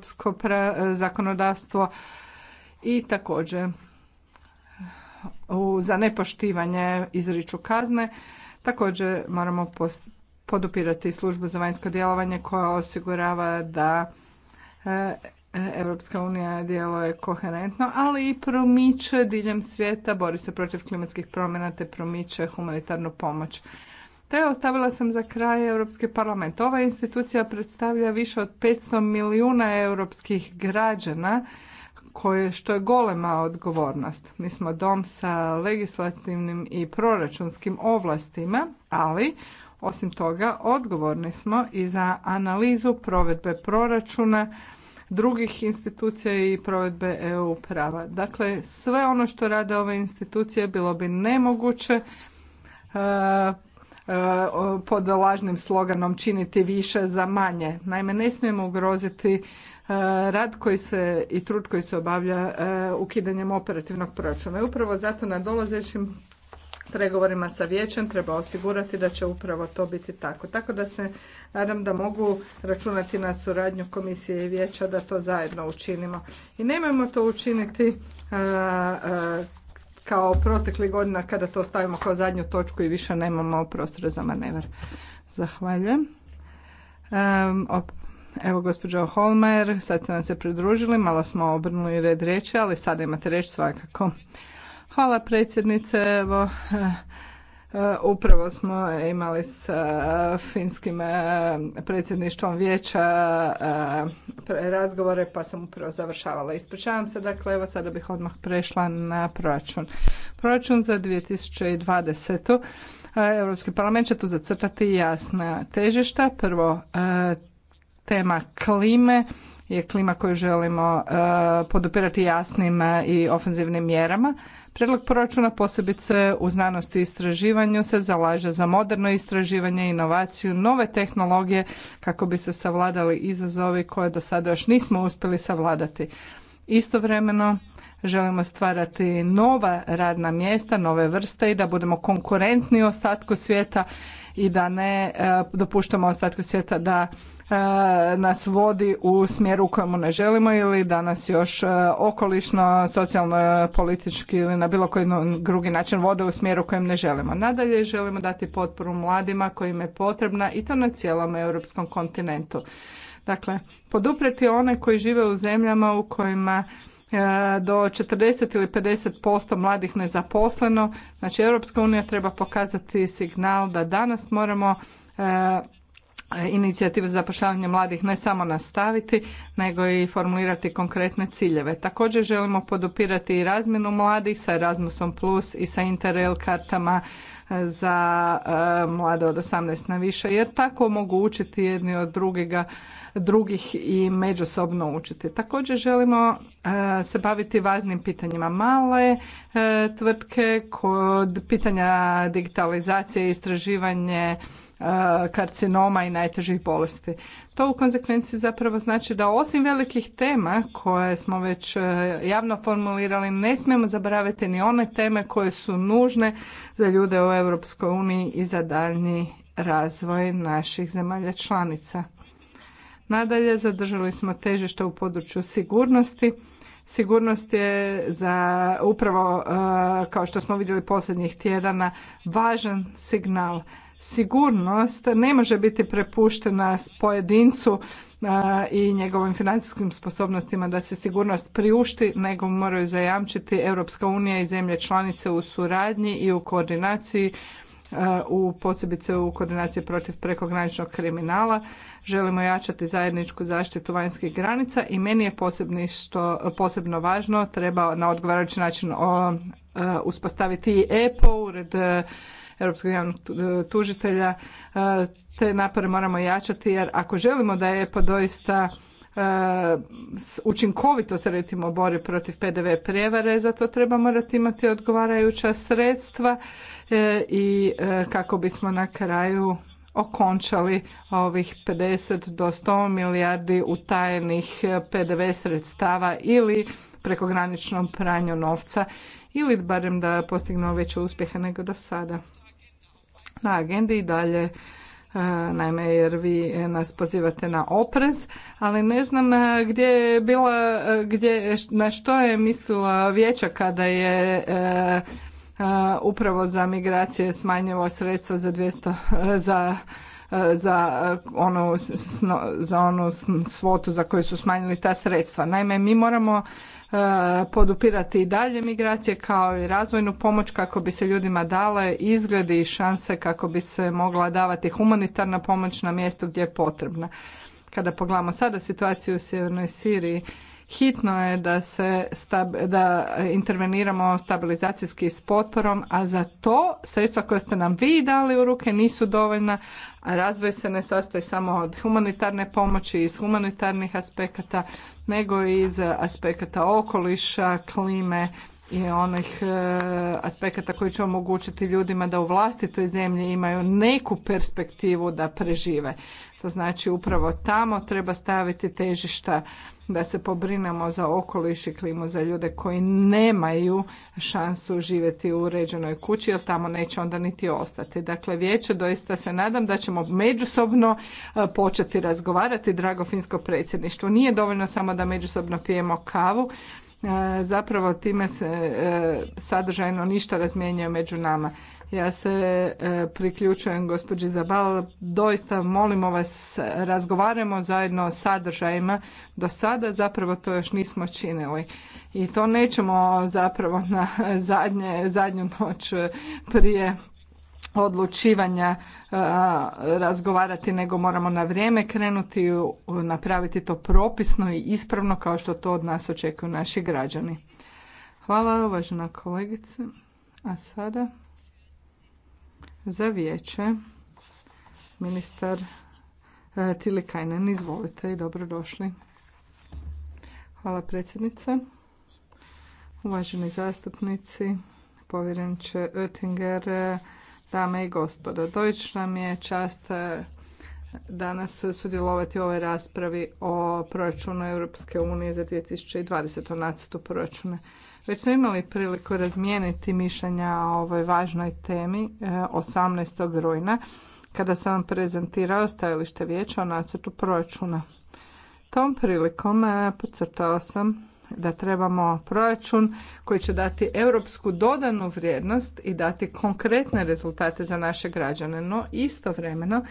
europsko zakonodavstvo i također za nepoštivanje izriču kazne. Također moramo podupirati službu za vanjsko djelovanje koja osigurava da e, Europska unija djeluje koherentno, ali i promiče diljem svijeta, bori se protiv klimatskih promjena te promiče humanitarnu pomoć. Te ostavila sam za kraj Europski parlament. Ova institucija predstavlja više od 500 milijuna europskih građana koje, što je golema odgovornost. Mi smo dom sa legislativnim i proračunskim ovlastima, ali osim toga odgovorni smo i za analizu provedbe proračuna drugih institucija i provedbe EU prava. Dakle, sve ono što rade ove institucije bilo bi nemoguće e, E, pod lažnim sloganom činiti više za manje. Naime, ne smijemo ugroziti e, rad koji se i trud koji se obavlja e, ukidanjem operativnog proračuna. I upravo zato na dolazećim pregovorima sa vijećem treba osigurati da će upravo to biti tako. Tako da se nadam da mogu računati na suradnju komisije i vijeća da to zajedno učinimo. I nemojmo to učiniti kao protekli godina kada to stavimo kao zadnju točku i više nemamo prostora za manevar. Zahvaljujem. Evo gospođo Holmer, sad ste nam se pridružili, malo smo obrnuli red riječi, ali sada imate riječ svakako. Hvala predsjednice, evo Upravo smo imali s e, finskim e, predsjedništvom vijeća e, razgovore pa sam upravo završavala. Ispričavam se, dakle evo sada bih odmah prešla na proračun. Proračun za 2020. Europski parlament će tu zacrtati jasna težišta. Prvo, tema klime je klima koju želimo podupirati jasnim i ofenzivnim mjerama. Predlog proračuna posebice u znanosti i istraživanju se zalaže za moderno istraživanje, inovaciju, nove tehnologije kako bi se savladali izazovi koje do sada još nismo uspjeli savladati. Istovremeno želimo stvarati nova radna mjesta, nove vrste i da budemo konkurentni u ostatku svijeta i da ne e, dopuštamo ostatku svijeta da nas vodi u smjeru u kojemu ne želimo ili da nas još okolišno, socijalno, politički ili na bilo koji drugi način vode u smjeru u kojem ne želimo. Nadalje želimo dati potporu mladima kojim je potrebna i to na cijelom europskom kontinentu. Dakle, poduprijeti one koji žive u zemljama u kojima do 40 ili 50% mladih nezaposleno. Znači, Europska unija treba pokazati signal da danas moramo E, inicijativu za zapošljavanje mladih ne samo nastaviti, nego i formulirati konkretne ciljeve. Također želimo podupirati i razmjenu mladih sa Erasmusom Plus i sa Interrail kartama e, za e, mlade od 18 na više, jer tako mogu učiti jedni od drugega, drugih i međusobno učiti. Također želimo se baviti važnim pitanjima male tvrtke, kod pitanja digitalizacije i istraživanje Eh, karcinoma i najtežih bolesti. To u konsekvenci zapravo znači da osim velikih tema koje smo već eh, javno formulirali, ne smijemo zaboraviti ni one teme koje su nužne za ljude u Europskoj uniji i za daljnji razvoj naših zemalja članica. Nadalje, zadržali smo težište u području sigurnosti. Sigurnost je za upravo, eh, kao što smo vidjeli posljednjih tjedana, važan signal sigurnost ne može biti prepuštena pojedincu i njegovim financijskim sposobnostima da se sigurnost priušti, nego moraju zajamčiti Europska unija i zemlje članice u suradnji i u koordinaciji u posebice u koordinaciji protiv prekograničnog kriminala. Želimo jačati zajedničku zaštitu vanjskih granica i meni je posebno, što, posebno važno, treba na odgovarajući način uspostaviti i EPO, ured europskog javnog e, tužitelja. E, te napore moramo jačati jer ako želimo da je EPO doista e, učinkovito se recimo bori protiv PDV prijevare, zato treba morati imati odgovarajuća sredstva i kako bismo na kraju okončali ovih 50 do 100 milijardi utajenih PDV sredstava ili prekograničnom pranju novca ili barem da postignemo veće uspjehe nego do sada na agendi i dalje e, naime jer vi nas pozivate na oprez, ali ne znam e, gdje je bila, e, gdje, na što je mislila vijeća kada je upravo za migracije smanjilo sredstva za 200, za za onu, za onu svotu za koju su smanjili ta sredstva. Naime, mi moramo E, podupirati i dalje migracije kao i razvojnu pomoć kako bi se ljudima dale izgledi i šanse kako bi se mogla davati humanitarna pomoć na mjestu gdje je potrebna. Kada pogledamo sada situaciju u Sjevernoj Siriji, Hitno je da, se da interveniramo stabilizacijski s potporom, a za to sredstva koje ste nam vi dali u ruke nisu dovoljna, a razvoj se ne sastoji samo od humanitarne pomoći iz humanitarnih aspekata, nego i iz aspekata okoliša, klime i onih e, aspekata koji će omogućiti ljudima da u vlastitoj zemlji imaju neku perspektivu da prežive. To znači upravo tamo treba staviti težišta da se pobrinemo za okoliš i klimu za ljude koji nemaju šansu živjeti u uređenoj kući jer tamo neće onda niti ostati. Dakle, vijeće doista se nadam da ćemo međusobno e, početi razgovarati, drago finsko predsjedništvo. Nije dovoljno samo da međusobno pijemo kavu, e, zapravo time se e, sadržajno ništa razmjenjuje među nama. Ja se e, priključujem gospođi Zabal. Doista molimo vas, razgovaramo zajedno o sadržajima. Do sada zapravo to još nismo činili. I to nećemo zapravo na zadnje, zadnju noć prije odlučivanja e, razgovarati, nego moramo na vrijeme krenuti i napraviti to propisno i ispravno kao što to od nas očekuju naši građani. Hvala uvažena kolegice. A sada za vijeće. Ministar e, Tilikajnen, izvolite i dobrodošli. Hvala predsjednice. Uvaženi zastupnici, povjerenče Oettinger, e, dame i gospodo. Doista nam je čast e, danas sudjelovati u ovoj raspravi o proračunu Europske unije za 2020. nacrtu proračuna. Već smo imali priliku razmijeniti mišljenja o ovoj važnoj temi 18. E, rujna kada sam vam prezentirao stajalište vijeća o nacrtu proračuna. Tom prilikom e, podcrtao sam da trebamo proračun koji će dati europsku dodanu vrijednost i dati konkretne rezultate za naše građane, no istovremeno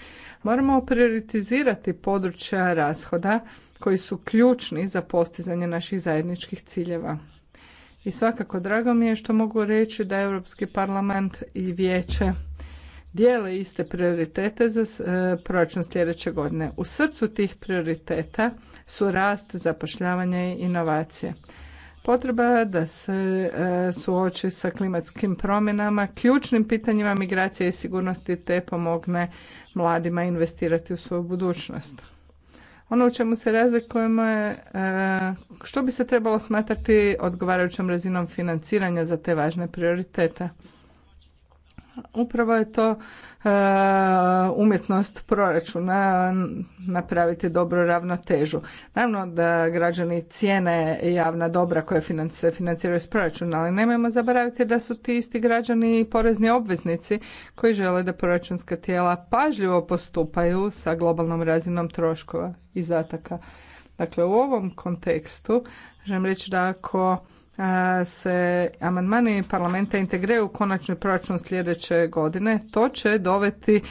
moramo prioritizirati područja rashoda koji su ključni za postizanje naših zajedničkih ciljeva. I svakako drago mi je što mogu reći da Europski parlament i vijeće dijele iste prioritete za e, proračun sljedeće godine. U srcu tih prioriteta su rast, zapošljavanje i inovacije. Potreba da se e, suoči sa klimatskim promjenama, ključnim pitanjima migracije i sigurnosti te pomogne mladima investirati u svoju budućnost. Ono u čemu se razlikujemo je e, što bi se trebalo smatrati odgovarajućom razinom financiranja za te važne prioritete upravo je to e, umjetnost proračuna napraviti dobru ravnotežu. Naravno da građani cijene javna dobra koja se financiraju iz proračuna, ali nemojmo zaboraviti da su ti isti građani i porezni obveznici koji žele da proračunska tijela pažljivo postupaju sa globalnom razinom troškova i zataka. Dakle, u ovom kontekstu želim reći da ako se amandmani parlamenta integriraju u konačni proračun sljedeće godine, to će doveti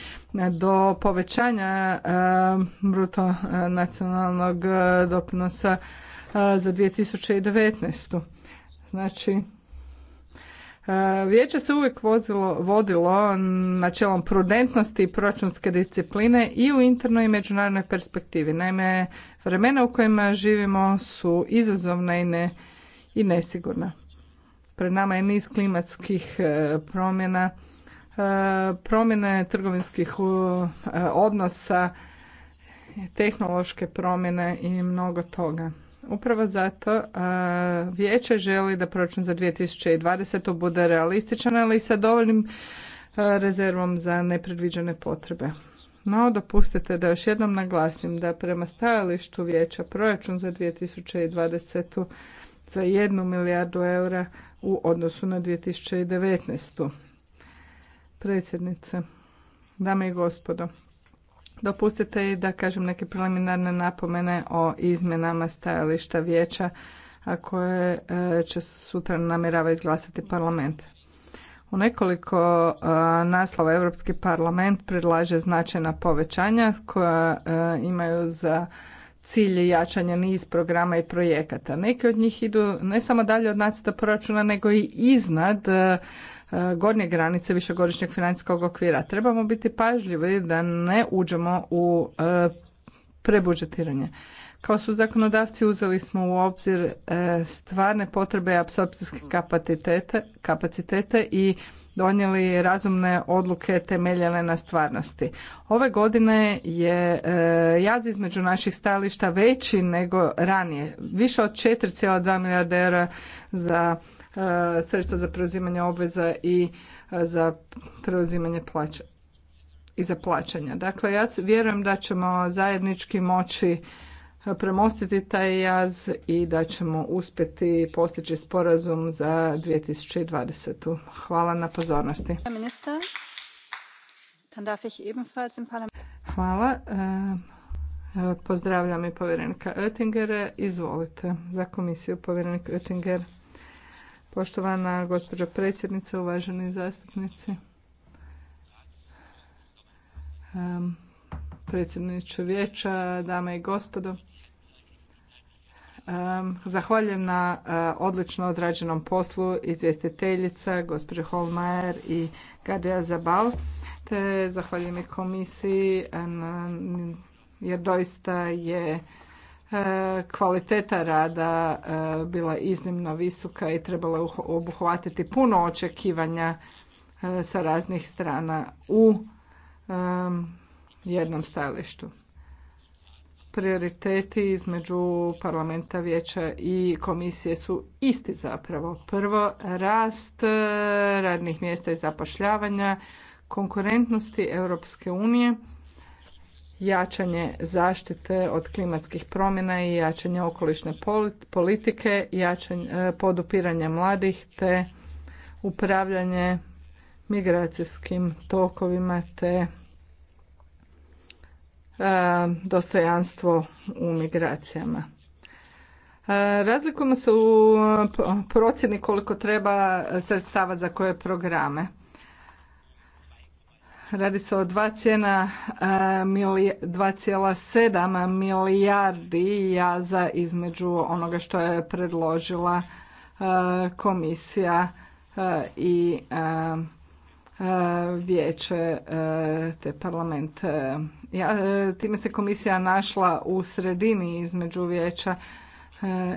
do povećanja bruto nacionalnog doprinosa za 2019. Znači, Vijeće se uvijek vozilo, vodilo načelom prudentnosti i proračunske discipline i u internoj i međunarodnoj perspektivi. Naime, vremena u kojima živimo su izazovne i ne i nesigurna. Pred nama je niz klimatskih e, promjena, e, promjene trgovinskih e, odnosa, tehnološke promjene i mnogo toga. Upravo zato vijeće želi da proračun za 2020. bude realističan, ali i sa dovoljnim rezervom za nepredviđene potrebe. No, dopustite da još jednom naglasim da prema stajalištu vijeća proračun za 2020 za jednu milijardu eura u odnosu na 2019. Predsjednice, dame i gospodo, dopustite i da kažem neke preliminarne napomene o izmjenama stajališta vijeća a koje e, će sutra namjerava izglasati parlament. U nekoliko e, naslova Europski parlament predlaže značajna povećanja koja e, imaju za cilj je jačanje niz programa i projekata. Neki od njih idu ne samo dalje od nacrta proračuna, nego i iznad e, gornje granice višegodišnjeg financijskog okvira. Trebamo biti pažljivi da ne uđemo u e, prebudžetiranje. Kao su zakonodavci uzeli smo u obzir e, stvarne potrebe apsorpcijske kapacitete, kapacitete i donijeli razumne odluke temeljene na stvarnosti. Ove godine je e, jaz između naših stajališta veći nego ranije. Više od 4,2 milijarda eura za e, sredstva za preuzimanje obveza i e, za preuzimanje plaća i za plaćanja. Dakle, ja vjerujem da ćemo zajednički moći premostiti taj jaz i da ćemo uspjeti postići sporazum za 2020. Hvala na pozornosti. Hvala. E, pozdravljam i povjerenika Oettingera. Izvolite za komisiju povjerenik Oettinger. Poštovana gospođa predsjednica, uvaženi zastupnici predsjedniče vijeća, dame i gospodo. Zahvaljujem na e, odlično odrađenom poslu izvjestiteljica gospođe Holmajer i Gadea Zabal, te zahvaljujem i komisiji jer doista je e, kvaliteta rada e, bila iznimno visoka i trebala obuhvatiti puno očekivanja sa raznih strana u jednom stajalištu. Prioriteti između parlamenta, vijeća i komisije su isti zapravo. Prvo, rast e, radnih mjesta i zapošljavanja, konkurentnosti Europske unije, jačanje zaštite od klimatskih promjena i jačanje okolišne politike, jačanje podupiranje mladih te upravljanje migracijskim tokovima te E, dostojanstvo u migracijama. E, razlikujemo se u procjeni koliko treba sredstava za koje programe. Radi se o 2,7 e, milijardi jaza između onoga što je predložila komisija i E, vijeće e, te parlament. E, ja, time se komisija našla u sredini između vijeća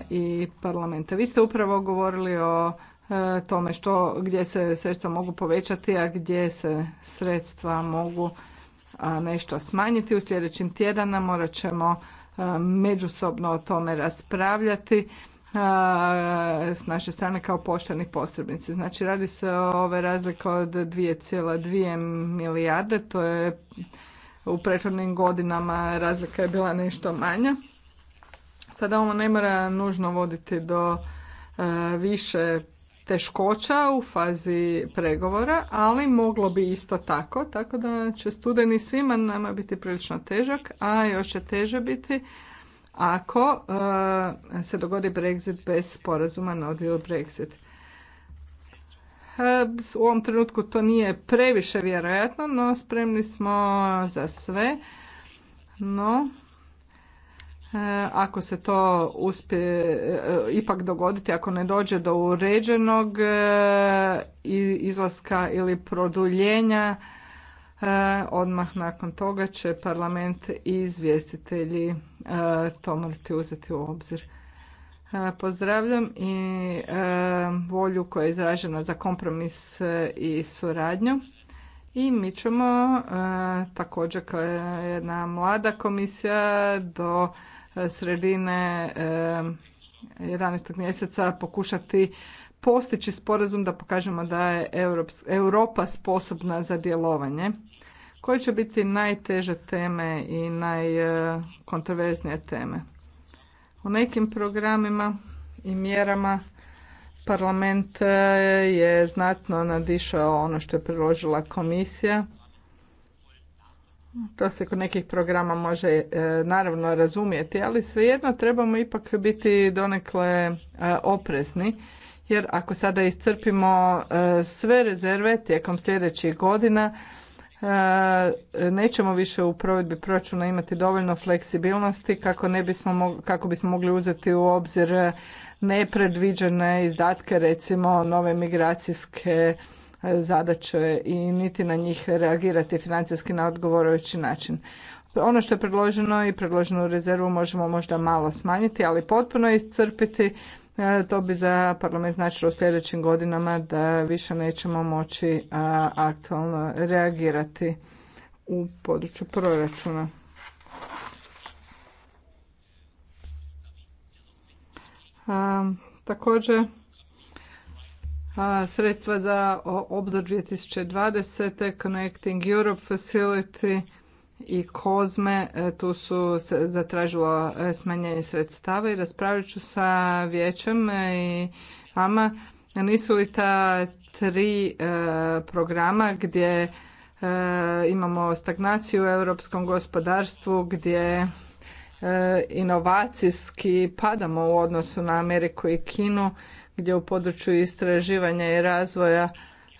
i parlamenta. Vi ste upravo govorili o tome što gdje se sredstva mogu povećati, a gdje se sredstva mogu nešto smanjiti. U sljedećim tjedana morat ćemo međusobno o tome raspravljati s naše strane kao pošteni posrednici. Znači radi se o ove razlike od 2,2 milijarde, to je u prethodnim godinama razlika je bila nešto manja. Sada ovo ne mora nužno voditi do e, više teškoća u fazi pregovora, ali moglo bi isto tako, tako da će studeni svima nama biti prilično težak, a još će teže biti ako eh, se dogodi Brexit bez sporazuma na odvijel Brexit. Eh, u ovom trenutku to nije previše vjerojatno, no spremni smo za sve. No, eh, ako se to uspije ipak dogoditi, ako ne dođe do uređenog izlaska ili produljenja, odmah nakon toga će parlament i izvjestitelji E, to morate uzeti u obzir. E, pozdravljam i e, volju koja je izražena za kompromis i suradnju. I mi ćemo također kao jedna mlada komisija do sredine 11. mjeseca pokušati postići sporazum da pokažemo da je Europa sposobna za djelovanje koje će biti najteže teme i najkontroverznije teme. U nekim programima i mjerama parlament e, je znatno nadišao ono što je priložila komisija. To se kod nekih programa može e, naravno razumjeti, ali svejedno trebamo ipak biti donekle e, oprezni jer ako sada iscrpimo sve rezerve tijekom sljedećih godina E, nećemo više u provedbi proračuna imati dovoljno fleksibilnosti kako, ne bismo mogli, kako bismo mogli uzeti u obzir nepredviđene izdatke, recimo nove migracijske e, zadaće i niti na njih reagirati financijski na odgovarajući način. Ono što je predloženo i predloženu rezervu možemo možda malo smanjiti, ali potpuno iscrpiti E, to bi za parlament značilo u sljedećim godinama da više nećemo moći e, aktualno reagirati u području proračuna. E, također, sredstva za obzor 2020. Connecting Europe Facility i Kozme e, tu su zatražilo e, smanjenje sredstava i raspravit ću sa vijećem e, i vama nisu li ta tri programa gdje imamo stagnaciju u europskom gospodarstvu gdje inovacijski padamo u odnosu na Ameriku i Kinu gdje u području istraživanja i razvoja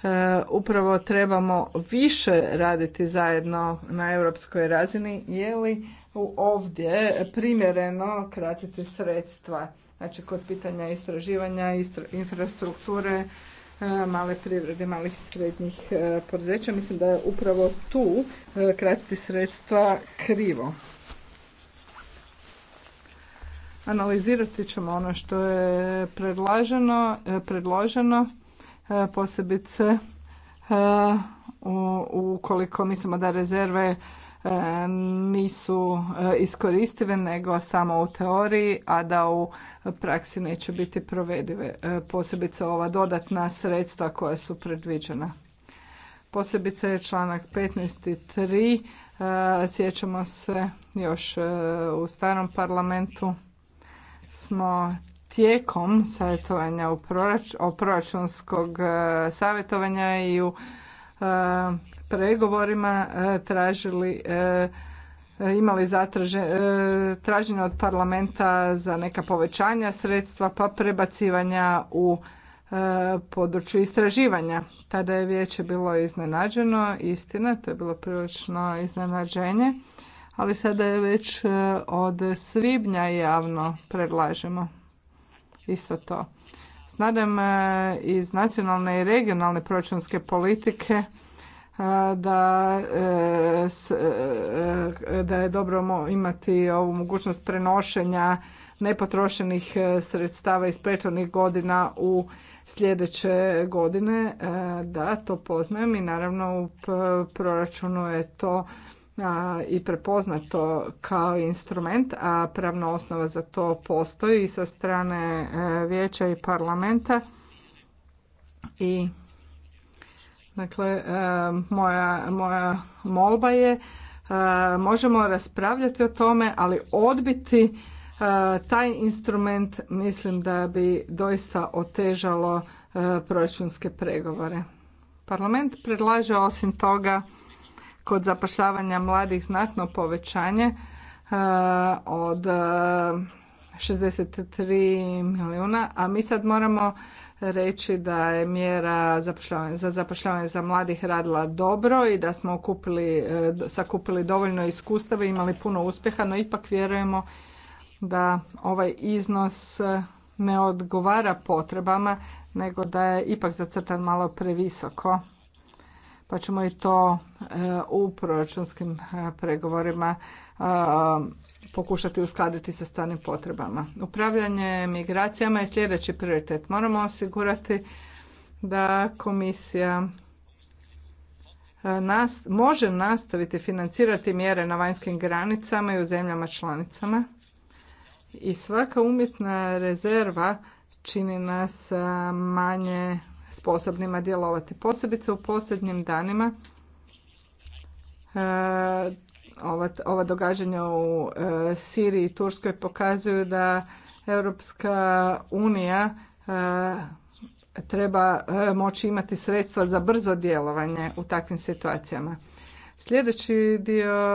E, upravo trebamo više raditi zajedno na europskoj razini, je li ovdje primjereno kratiti sredstva, znači kod pitanja istraživanja, infrastrukture, e, male privrede, malih i srednjih e, poduzeća. Mislim da je upravo tu kratiti sredstva krivo. Analizirati ćemo ono što je predloženo E, posebice e, ukoliko mislimo da rezerve e, nisu iskoristive nego samo u teoriji, a da u praksi neće biti provedive, posebice ova dodatna sredstva koja su predviđena. Posebice je članak 15.3. Sjećamo se još u starom parlamentu smo tijekom savjetovanja u o proračunskog e, savjetovanja i u e, pregovorima e, tražili imali zatraže, traženje od parlamenta za neka povećanja sredstva pa prebacivanja u području istraživanja. Tada je vijeće bilo iznenađeno, istina, to je bilo prilično iznenađenje, ali sada je već od svibnja javno predlažemo isto to. Snadem e, iz nacionalne i regionalne proračunske politike e, da, e, da je dobro imati ovu mogućnost prenošenja nepotrošenih sredstava iz prethodnih godina u sljedeće godine. Da, to poznajem i naravno u proračunu je to i prepoznato kao instrument, a pravna osnova za to postoji i sa strane e, vijeća i parlamenta. I dakle, e, moja, moja molba je e, možemo raspravljati o tome, ali odbiti taj instrument mislim da bi doista otežalo proračunske pregovore. Parlament predlaže osim toga kod zapošljavanja mladih znatno povećanje e, od 63 e, milijuna, a mi sad moramo reći da je mjera za zapošljavanje za mladih radila dobro i da smo e, sakupili dovoljno iskustava i imali puno uspjeha, no ipak vjerujemo da ovaj iznos ne odgovara potrebama, nego da je ipak zacrtan malo previsoko pa ćemo i to e, u proračunskim e, pregovorima e, pokušati uskladiti sa stvarnim potrebama. Upravljanje migracijama je sljedeći prioritet. Moramo osigurati da komisija može nastaviti financirati mjere na vanjskim granicama i u zemljama članicama. I svaka umjetna rezerva čini nas manje sposobnima djelovati. Posebice u posljednjim danima e, ova, događanja u e, Siriji i Turskoj pokazuju da Europska unija e, treba moći imati sredstva za brzo djelovanje u takvim situacijama. Sljedeći dio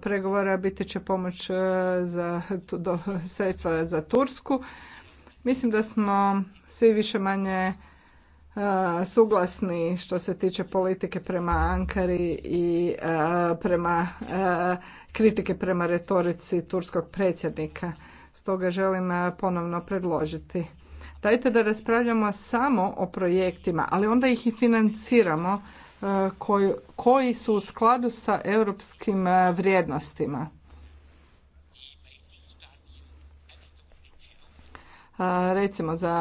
pregovora biti će pomoć za sredstva za Tursku. Mislim da smo svi više manje suglasni što se tiče politike prema Ankari i prema kritike prema retorici turskog predsjednika. Stoga želim ponovno predložiti. Dajte da raspravljamo samo o projektima, ali onda ih i financiramo koji, koji su u skladu sa europskim vrijednostima. recimo za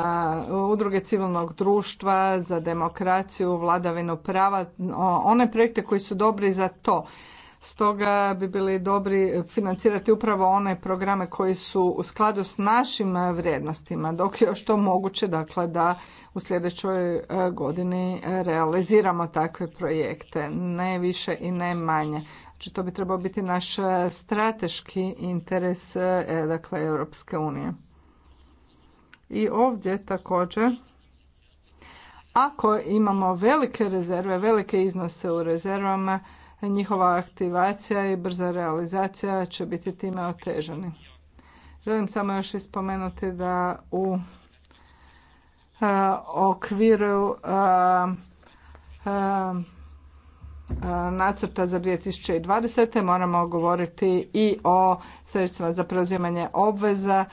udruge civilnog društva, za demokraciju, vladavinu prava, one projekte koji su dobri za to. Stoga bi bili dobri financirati upravo one programe koji su u skladu s našim vrijednostima, dok je još to moguće dakle, da u sljedećoj e, godini realiziramo takve projekte, ne više i ne manje. Znači to bi trebao biti naš strateški interes e, dakle, Europske unije. I ovdje također ako imamo velike rezerve, velike iznose u rezervama, njihova aktivacija i brza realizacija će biti time otežani. Želim samo još ispomenuti da u e, okviru a, e, a, e, nacrta za 2020. moramo govoriti i o sredstvima za preuzimanje obveza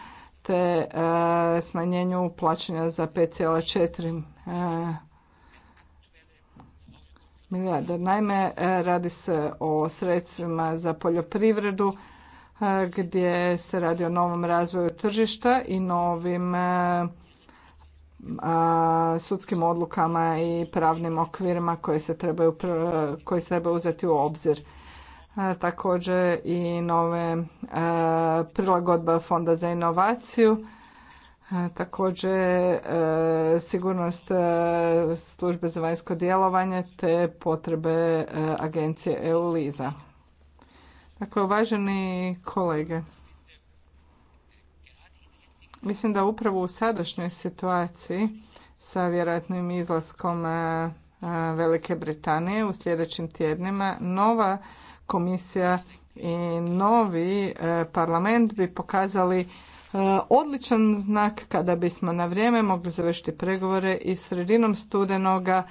te e, smanjenju plaćanja za 5,4 e, milijarde. Naime, e, radi se o sredstvima za poljoprivredu gdje se radi o novom razvoju tržišta i novim sudskim odlukama i pravnim okvirima koje koji se trebaju uzeti u obzir također i nove prilagodba fonda za inovaciju, također sigurnost službe za vanjsko djelovanje te potrebe agencije EULIZA. Dakle, uvaženi kolege, mislim da upravo u sadašnjoj situaciji sa vjerojatnim izlaskom Velike Britanije u sljedećim tjednima nova komisija i novi e, parlament bi pokazali e, odličan znak kada bismo na vrijeme mogli završiti pregovore i sredinom studenoga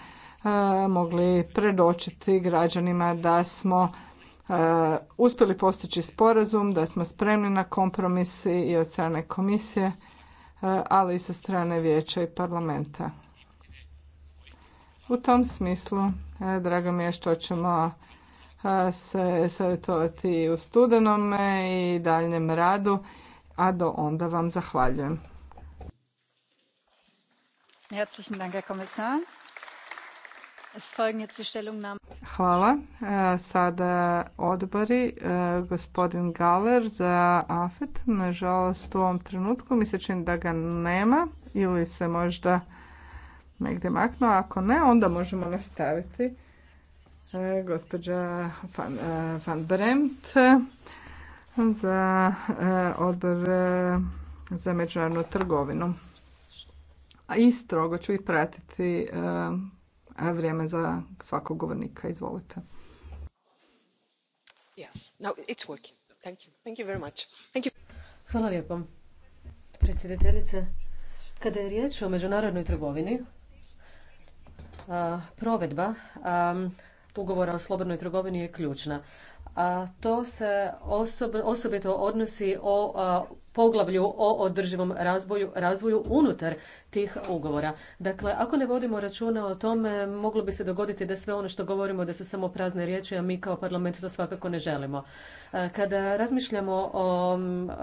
e, mogli predočiti građanima da smo uspjeli postići sporazum, da smo spremni na kompromisi i od strane komisije, ali i sa strane vijeća i parlamenta. U tom smislu, drago mi je što ćemo se savjetovati u studenome i daljnjem radu, a do onda vam zahvaljujem. Hvala. E, sada odbori. E, gospodin Galer za AFET. Nažalost u ovom trenutku mi se čini da ga nema ili se možda negdje maknuo. Ako ne, onda možemo nastaviti E, gospođa Van, e, Van Bremt za e, odbor za međunarodnu trgovinu. A i strogo ću i pratiti vrijeme za svakog govornika. Izvolite. Yes. it's working. Thank you. Thank you very much. Thank you. Hvala lijepo. Predsjedateljice, kada je riječ o međunarodnoj trgovini, provedba ugovora o slobodnoj trgovini je ključna. A to se osobito odnosi o poglavlju o održivom razvoju, razvoju unutar tih ugovora. Dakle, ako ne vodimo računa o tome, moglo bi se dogoditi da sve ono što govorimo da su samo prazne riječi, a mi kao parlament to svakako ne želimo. E, kada razmišljamo o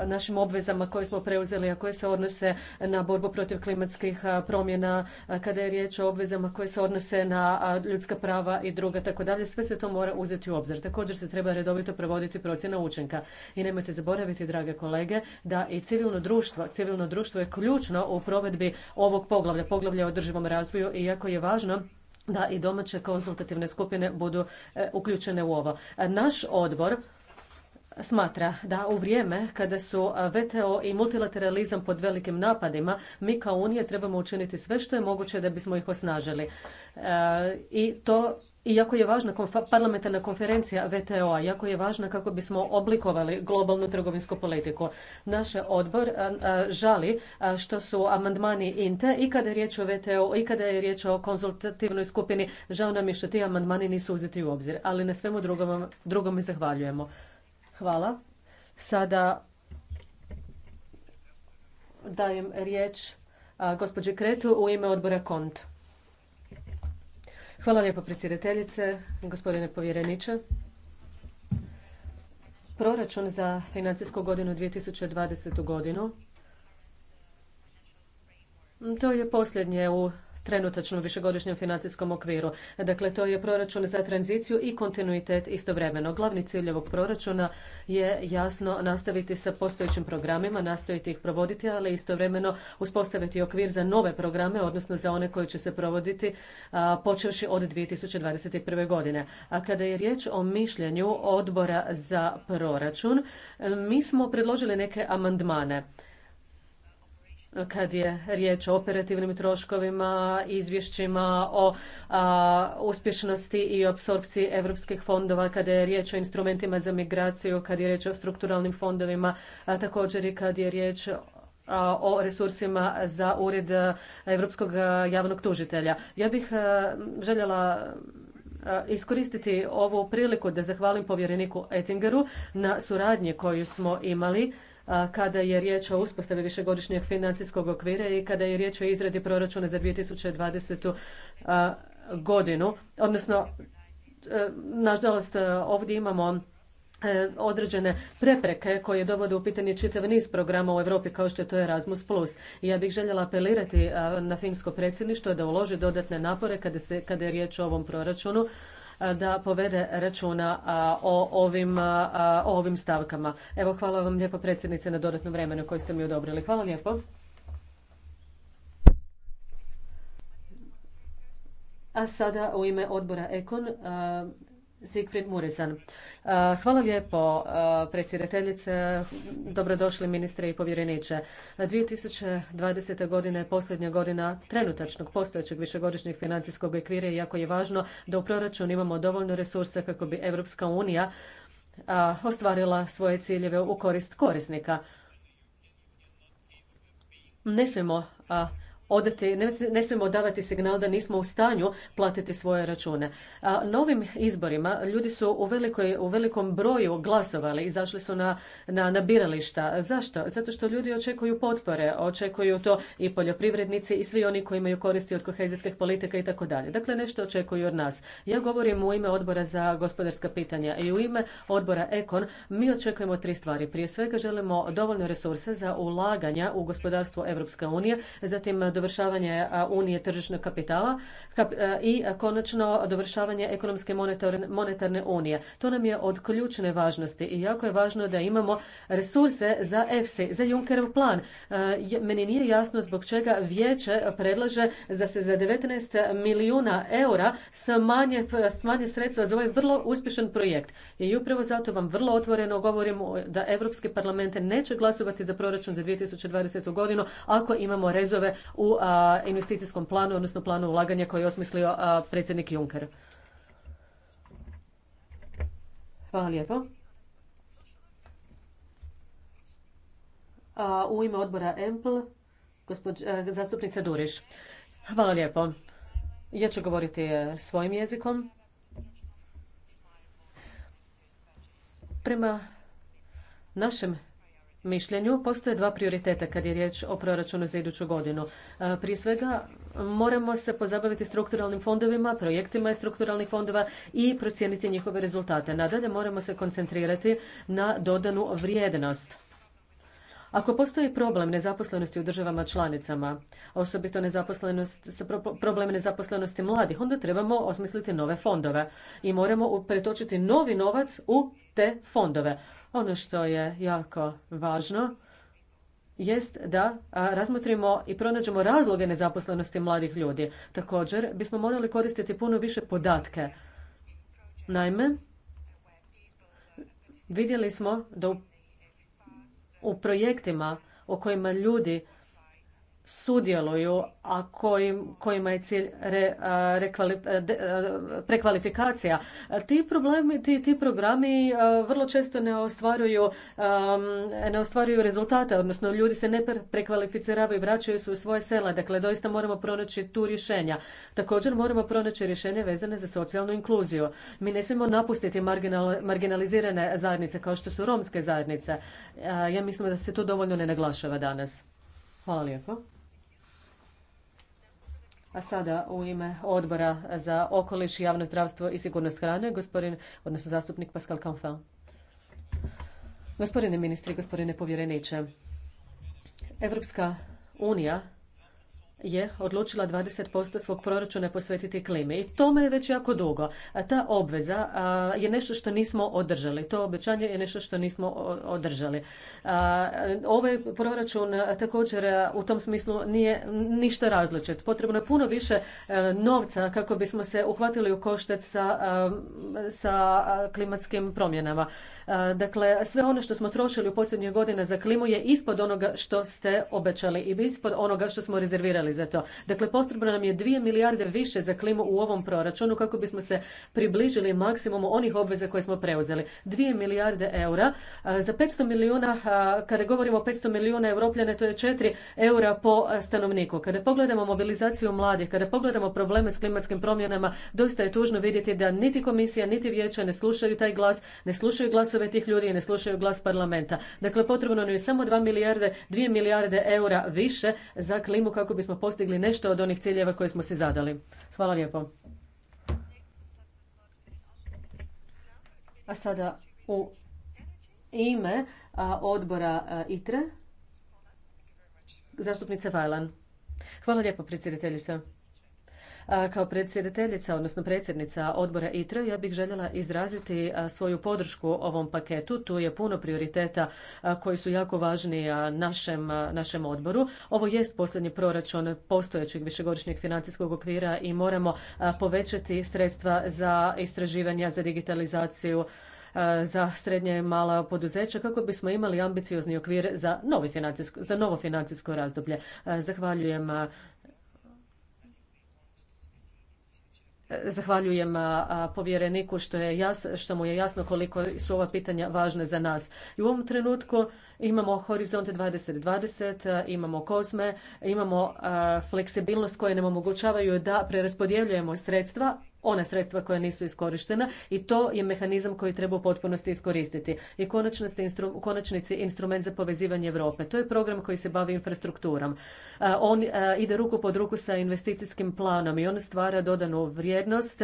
našim obvezama koje smo preuzeli, a koje se odnose na borbu protiv klimatskih promjena, kada je riječ o obvezama koje se odnose na ljudska prava i druga, tako dalje, sve se to mora uzeti u obzir. Također se treba redovito provoditi procjena učinka. I nemojte zaboraviti, drage kolege, da i civilno društvo, civilno društvo je ključno u provedbi ovog poglavlja, poglavlja o održivom razvoju, iako je važno da i domaće konzultativne skupine budu e, uključene u ovo. Naš odbor smatra da u vrijeme kada su VTO i multilateralizam pod velikim napadima, mi kao Unije trebamo učiniti sve što je moguće da bismo ih osnažili. E, I to iako je važna parlamentarna konferencija VTO-a, iako je važna kako bismo oblikovali globalnu trgovinsku politiku. Naš odbor e, e, žali što su amandmani INTE i kada je riječ o VTO i kada je riječ o konzultativnoj skupini, žao nam je što ti amandmani nisu uzeti u obzir, ali na svemu drugom, drugom zahvaljujemo. Hvala. Sada dajem riječ gospođi Kretu u ime odbora KONT. Hvala lijepo predsjedateljice, gospodine povjereniče. Proračun za financijsku godinu 2020. godinu to je posljednje u trenutačnom višegodišnjem financijskom okviru. Dakle, to je proračun za tranziciju i kontinuitet istovremeno. Glavni cilj ovog proračuna je jasno nastaviti sa postojećim programima, nastaviti ih provoditi, ali istovremeno uspostaviti okvir za nove programe, odnosno za one koji će se provoditi počevši od 2021. godine. A kada je riječ o mišljenju odbora za proračun, mi smo predložili neke amandmane kad je riječ o operativnim troškovima, izvješćima o uspješnosti i apsorpciji europskih fondova, kada je riječ o instrumentima za migraciju, kad je riječ o strukturalnim fondovima, a također i kad je riječ o resursima za ured europskog javnog tužitelja. Ja bih željela iskoristiti ovu priliku da zahvalim povjereniku Ettingeru na suradnji koju smo imali kada je riječ o uspostavi višegodišnjeg financijskog okvira i kada je riječ o izradi proračuna za 2020. godinu. Odnosno, e, nažalost, e, ovdje imamo e, određene prepreke koje dovode u pitanje čitav niz programa u Europi kao što je to Erasmus+. I ja bih željela apelirati na finsko predsjedništvo da uloži dodatne napore kada, kada je riječ o ovom proračunu da povede računa o ovim, ovim stavkama. Evo, hvala vam lijepo predsjednice na dodatnom vremenu koje ste mi odobrili. Hvala lijepo. A sada u ime odbora Ekon Sigfrid Murisan. Uh, hvala lijepo, uh, predsjedateljice. Dobrodošli, ministre i povjereniče. 2020. godine je posljednja godina trenutačnog postojećeg višegodišnjeg financijskog ekvira i jako je važno da u proračun imamo dovoljno resursa kako bi Europska unija uh, ostvarila svoje ciljeve u korist korisnika. Ne smijemo odati, ne, smijemo davati signal da nismo u stanju platiti svoje račune. A, novim izborima ljudi su u, velikoj, u velikom broju glasovali, izašli su na, na, na birališta. Zašto? Zato što ljudi očekuju potpore, očekuju to i poljoprivrednici i svi oni koji imaju koristi od kohezijskih politika i tako dalje. Dakle, nešto očekuju od nas. Ja govorim u ime odbora za gospodarska pitanja i u ime odbora Ekon. Mi očekujemo tri stvari. Prije svega želimo dovoljno resurse za ulaganja u gospodarstvo Europske unije, zatim dovršavanje Unije tržišnog kapitala i konačno dovršavanje ekonomske monetarne, unije. To nam je od ključne važnosti i jako je važno da imamo resurse za EFSI, za Junckerov plan. Meni nije jasno zbog čega vijeće predlaže da se za 19 milijuna eura smanje, sredstva za ovaj vrlo uspješan projekt. I upravo zato vam vrlo otvoreno govorim da Europski parlament neće glasovati za proračun za 2020. godinu ako imamo rezove u investicijskom planu, odnosno planu ulaganja koji je osmislio predsjednik Juncker. Hvala lijepo. U ime odbora EMPL, e, zastupnica Duriš. Hvala lijepo. Ja ću govoriti e, svojim jezikom. Prema našem mišljenju postoje dva prioriteta kad je riječ o proračunu za iduću godinu. E, prije svega moramo se pozabaviti strukturalnim fondovima, projektima strukturalnih fondova i procijeniti njihove rezultate. Nadalje moramo se koncentrirati na dodanu vrijednost. Ako postoji problem nezaposlenosti u državama članicama, osobito nezaposlenost, problem nezaposlenosti mladih, onda trebamo osmisliti nove fondove i moramo pretočiti novi novac u te fondove. Ono što je jako važno jest da razmotrimo i pronađemo razloge nezaposlenosti mladih ljudi. Također bismo morali koristiti puno više podatke. Naime, vidjeli smo da u, u projektima o kojima ljudi sudjeluju, a kojima je cilj prekvalifikacija. Ti, problemi, ti, ti programi vrlo često ne ostvaruju, ne ostvaruju rezultate, odnosno ljudi se ne prekvalificiravaju i vraćaju se u svoje sela. Dakle, doista moramo pronaći tu rješenja. Također moramo pronaći rješenje vezane za socijalnu inkluziju. Mi ne smijemo napustiti marginalizirane zajednice kao što su romske zajednice. Ja mislim da se to dovoljno ne naglašava danas. Hvala lijepo. A sada u ime odbora za okoliš, javno zdravstvo i sigurnost hrane, gospodin, odnosno zastupnik Pascal Canfin. Gospodine ministri, gospodine povjereniče, Evropska unija je odlučila 20% svog proračuna posvetiti klimi. I tome je već jako dugo. Ta obveza je nešto što nismo održali. To obećanje je nešto što nismo održali. Ovaj proračun također u tom smislu nije ništa različit. Potrebno je puno više e, novca kako bismo se uhvatili u koštac sa klimatskim promjenama. Dakle, sve ono što smo trošili u posljednjih godina za klimu je ispod onoga što ste obećali i ispod onoga što smo rezervirali za to. Dakle, potrebno nam je dvije milijarde više za klimu u ovom proračunu kako bismo se približili maksimumu onih obveza koje smo preuzeli. Dvije milijarde eura. Za 500 milijuna, kada govorimo o 500 milijuna europljana, to je 4 eura po stanovniku. Kada pogledamo mobilizaciju mladih, kada pogledamo probleme s klimatskim promjenama, doista je tužno vidjeti da niti komisija, niti vijeće ne slušaju taj glas, ne slušaju glasove glasove tih ljudi i ne slušaju glas parlamenta. Dakle, potrebno nam je samo 2 milijarde, 2 milijarde eura više za klimu kako bismo postigli nešto od onih ciljeva koje smo si zadali. Hvala lijepo. A sada u ime odbora ITRE, zastupnica Vajlan. Hvala lijepo, predsjedateljica. Kao predsjedateljica, odnosno predsjednica odbora ITRA, e, ja bih željela izraziti svoju podršku ovom paketu. Tu je puno prioriteta koji su jako važni našem, našem odboru. Ovo jest posljednji proračun postojećeg višegodišnjeg financijskog okvira i moramo povećati sredstva za istraživanja, za digitalizaciju, za srednje i mala poduzeća kako bismo imali ambiciozni okvir za, novi za novo financijsko razdoblje. Zahvaljujem Zahvaljujem povjereniku što, je što mu je jasno koliko su ova pitanja važna za nas. I u ovom trenutku imamo horizonte 2020, imamo kozme, imamo fleksibilnost koje nam omogućavaju da preraspodjeljujemo sredstva ona sredstva koja nisu iskorištena i to je mehanizam koji treba u potpunosti iskoristiti. I u konačnici instrument za povezivanje Europe. To je program koji se bavi infrastrukturom. On ide ruku pod ruku sa investicijskim planom i on stvara dodanu vrijednost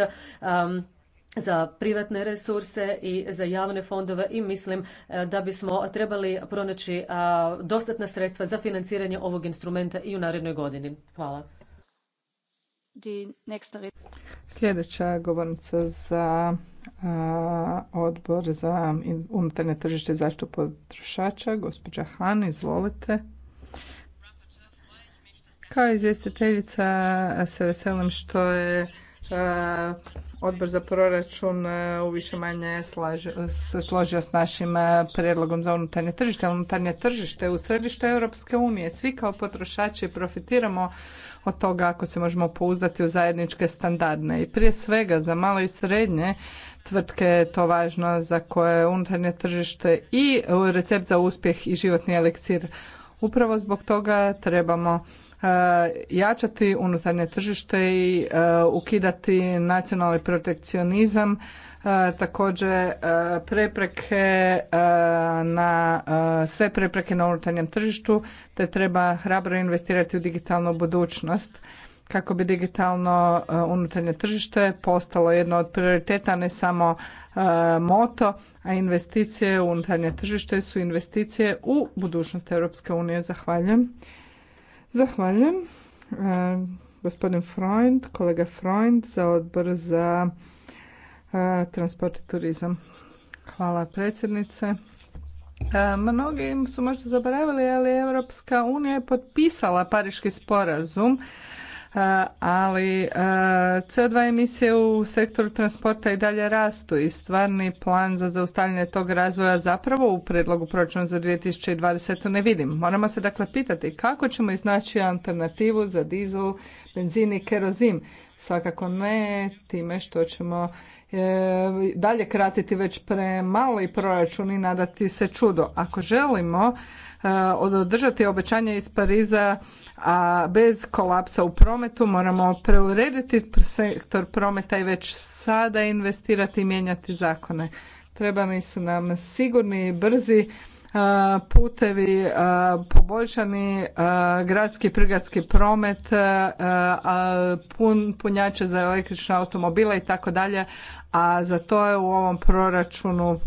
za privatne resurse i za javne fondove i mislim da bismo trebali pronaći dostatna sredstva za financiranje ovog instrumenta i u narednoj godini. Hvala. Sljedeća govornica za odbor za unutarnje tržište i zaštitu potrošača, gospođa Han, izvolite. Kao izvjestiteljica se veselim što je Odbor za proračun e, u više manje se složio s našim e, prijedlogom za unutarnje tržište. Unutarnje tržište u središte Europske unije. Svi kao potrošači profitiramo od toga ako se možemo pouzdati u zajedničke standardne. I prije svega za malo i srednje tvrtke je to važno za koje je unutarnje tržište i recept za uspjeh i životni eliksir. Upravo zbog toga trebamo Eh, jačati unutarnje tržište i eh, ukidati nacionalni protekcionizam, eh, također prepreke na sve prepreke na unutarnjem tržištu, te treba hrabro investirati u digitalnu budućnost kako bi digitalno unutarnje tržište postalo jedno od prioriteta, ne samo moto, a investicije u unutarnje tržište su investicije u budućnost Europske unije. Zahvaljujem. Zahvaljujem. E, gospodin Freund, kolega Freund za odbor za e, transport i turizam. Hvala predsjednice. E, mnogi su možda zaboravili, ali Europska unija je potpisala Pariški sporazum E, ali e, CO2 emisije u sektoru transporta i dalje rastu i stvarni plan za zaustavljanje tog razvoja zapravo u predlogu proračuna za 2020. ne vidim. Moramo se dakle pitati kako ćemo iznaći alternativu za dizel, benzin i kerozin. Svakako ne time što ćemo e, dalje kratiti već premali proračun i nadati se čudo. Ako želimo održati obećanje iz Pariza a bez kolapsa u prometu moramo preurediti sektor prometa i već sada investirati i mijenjati zakone. Trebani su nam sigurni i brzi putevi, poboljšani gradski prigradski promet, pun, punjače za električne automobile i tako dalje, a za to je u ovom proračunu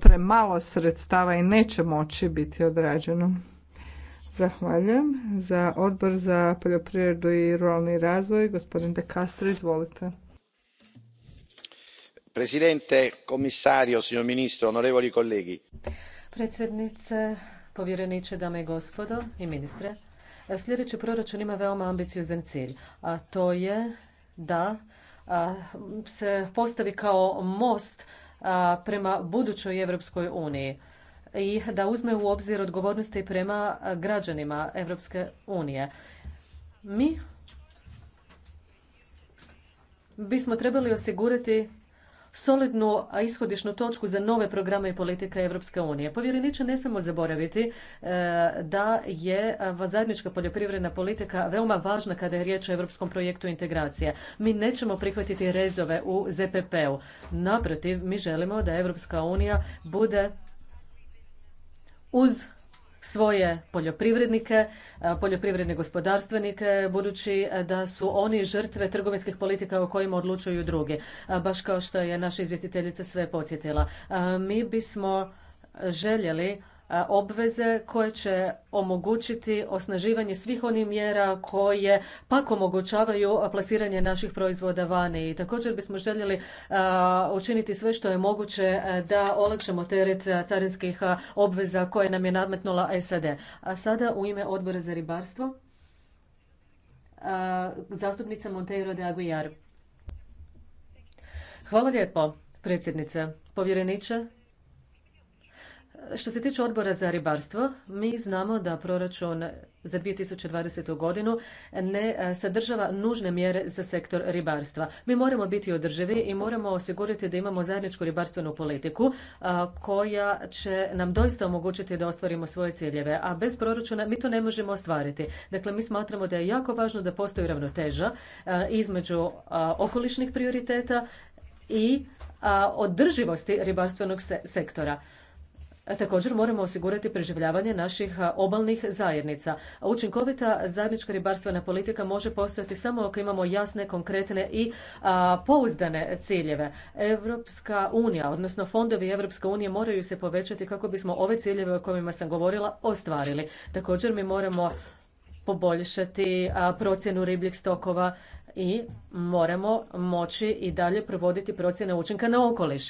premalo sredstava i neće moći biti odrađeno. Zahvaljujem. Za odbor za poljoprivredu i ruralni razvoj, gospodin De Castro, izvolite. Presidente, komisario, signor ministro, onorevoli Predsjednice, povjereniče, dame i gospodo i ministre, sljedeći proračun ima veoma ambiciozan cilj, a to je da se postavi kao most prema budućoj Europskoj uniji i da uzme u obzir odgovornosti prema građanima Europske unije. Mi bismo trebali osigurati solidnu ishodišnu točku za nove programe i politike Europske unije. Povjereniče, ne smijemo zaboraviti e, da je zajednička poljoprivredna politika veoma važna kada je riječ o europskom projektu integracije. Mi nećemo prihvatiti rezove u ZPP-u. Naprotiv, mi želimo da Europska unija bude uz svoje poljoprivrednike, e, poljoprivredne gospodarstvenike, budući e, da su oni žrtve trgovinskih politika o kojima odlučuju drugi, e, baš kao što je naša izvjestiteljica sve podsjetila. Mi bismo željeli obveze koje će omogućiti osnaživanje svih onih mjera koje pak omogućavaju plasiranje naših proizvoda vani. I također bismo željeli učiniti sve što je moguće da olakšamo teret carinskih obveza koje nam je nadmetnula SAD. A sada u ime odbora za ribarstvo zastupnica Monteiro de Aguiar. Hvala lijepo, predsjednice, povjereniče, što se tiče odbora za ribarstvo, mi znamo da proračun za 2020. godinu ne e, sadržava nužne mjere za sektor ribarstva. Mi moramo biti održivi i moramo osigurati da imamo zajedničku ribarstvenu politiku e, koja će nam doista omogućiti da ostvarimo svoje ciljeve, a bez proračuna mi to ne možemo ostvariti. Dakle, mi smatramo da je jako važno da postoji ravnoteža e, između okolišnih prioriteta i održivosti ribarstvenog sektora. E, također moramo osigurati preživljavanje naših obalnih zajednica. A učinkovita zajednička ribarstvena politika može postojati samo ako imamo jasne, konkretne i pouzdane ciljeve. Europska unija, odnosno fondovi Europske unije moraju se povećati kako bismo ove ciljeve o kojima sam govorila ostvarili. Također mi moramo poboljšati procjenu ribljih stokova i moramo moći i dalje provoditi procjene učinka na okoliš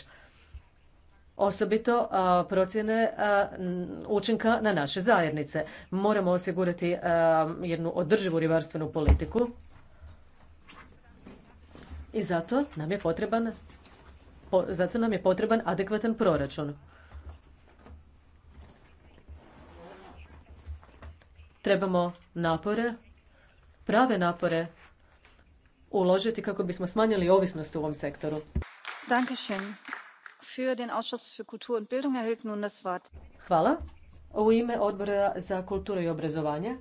osobito procjene učinka na naše zajednice. Moramo osigurati jednu održivu ribarstvenu politiku i zato nam je potreban zato nam je potreban adekvatan proračun. Trebamo napore, prave napore uložiti kako bismo smanjili ovisnost u ovom sektoru. Hvala. U ime odbora za kulturu i obrazovanje.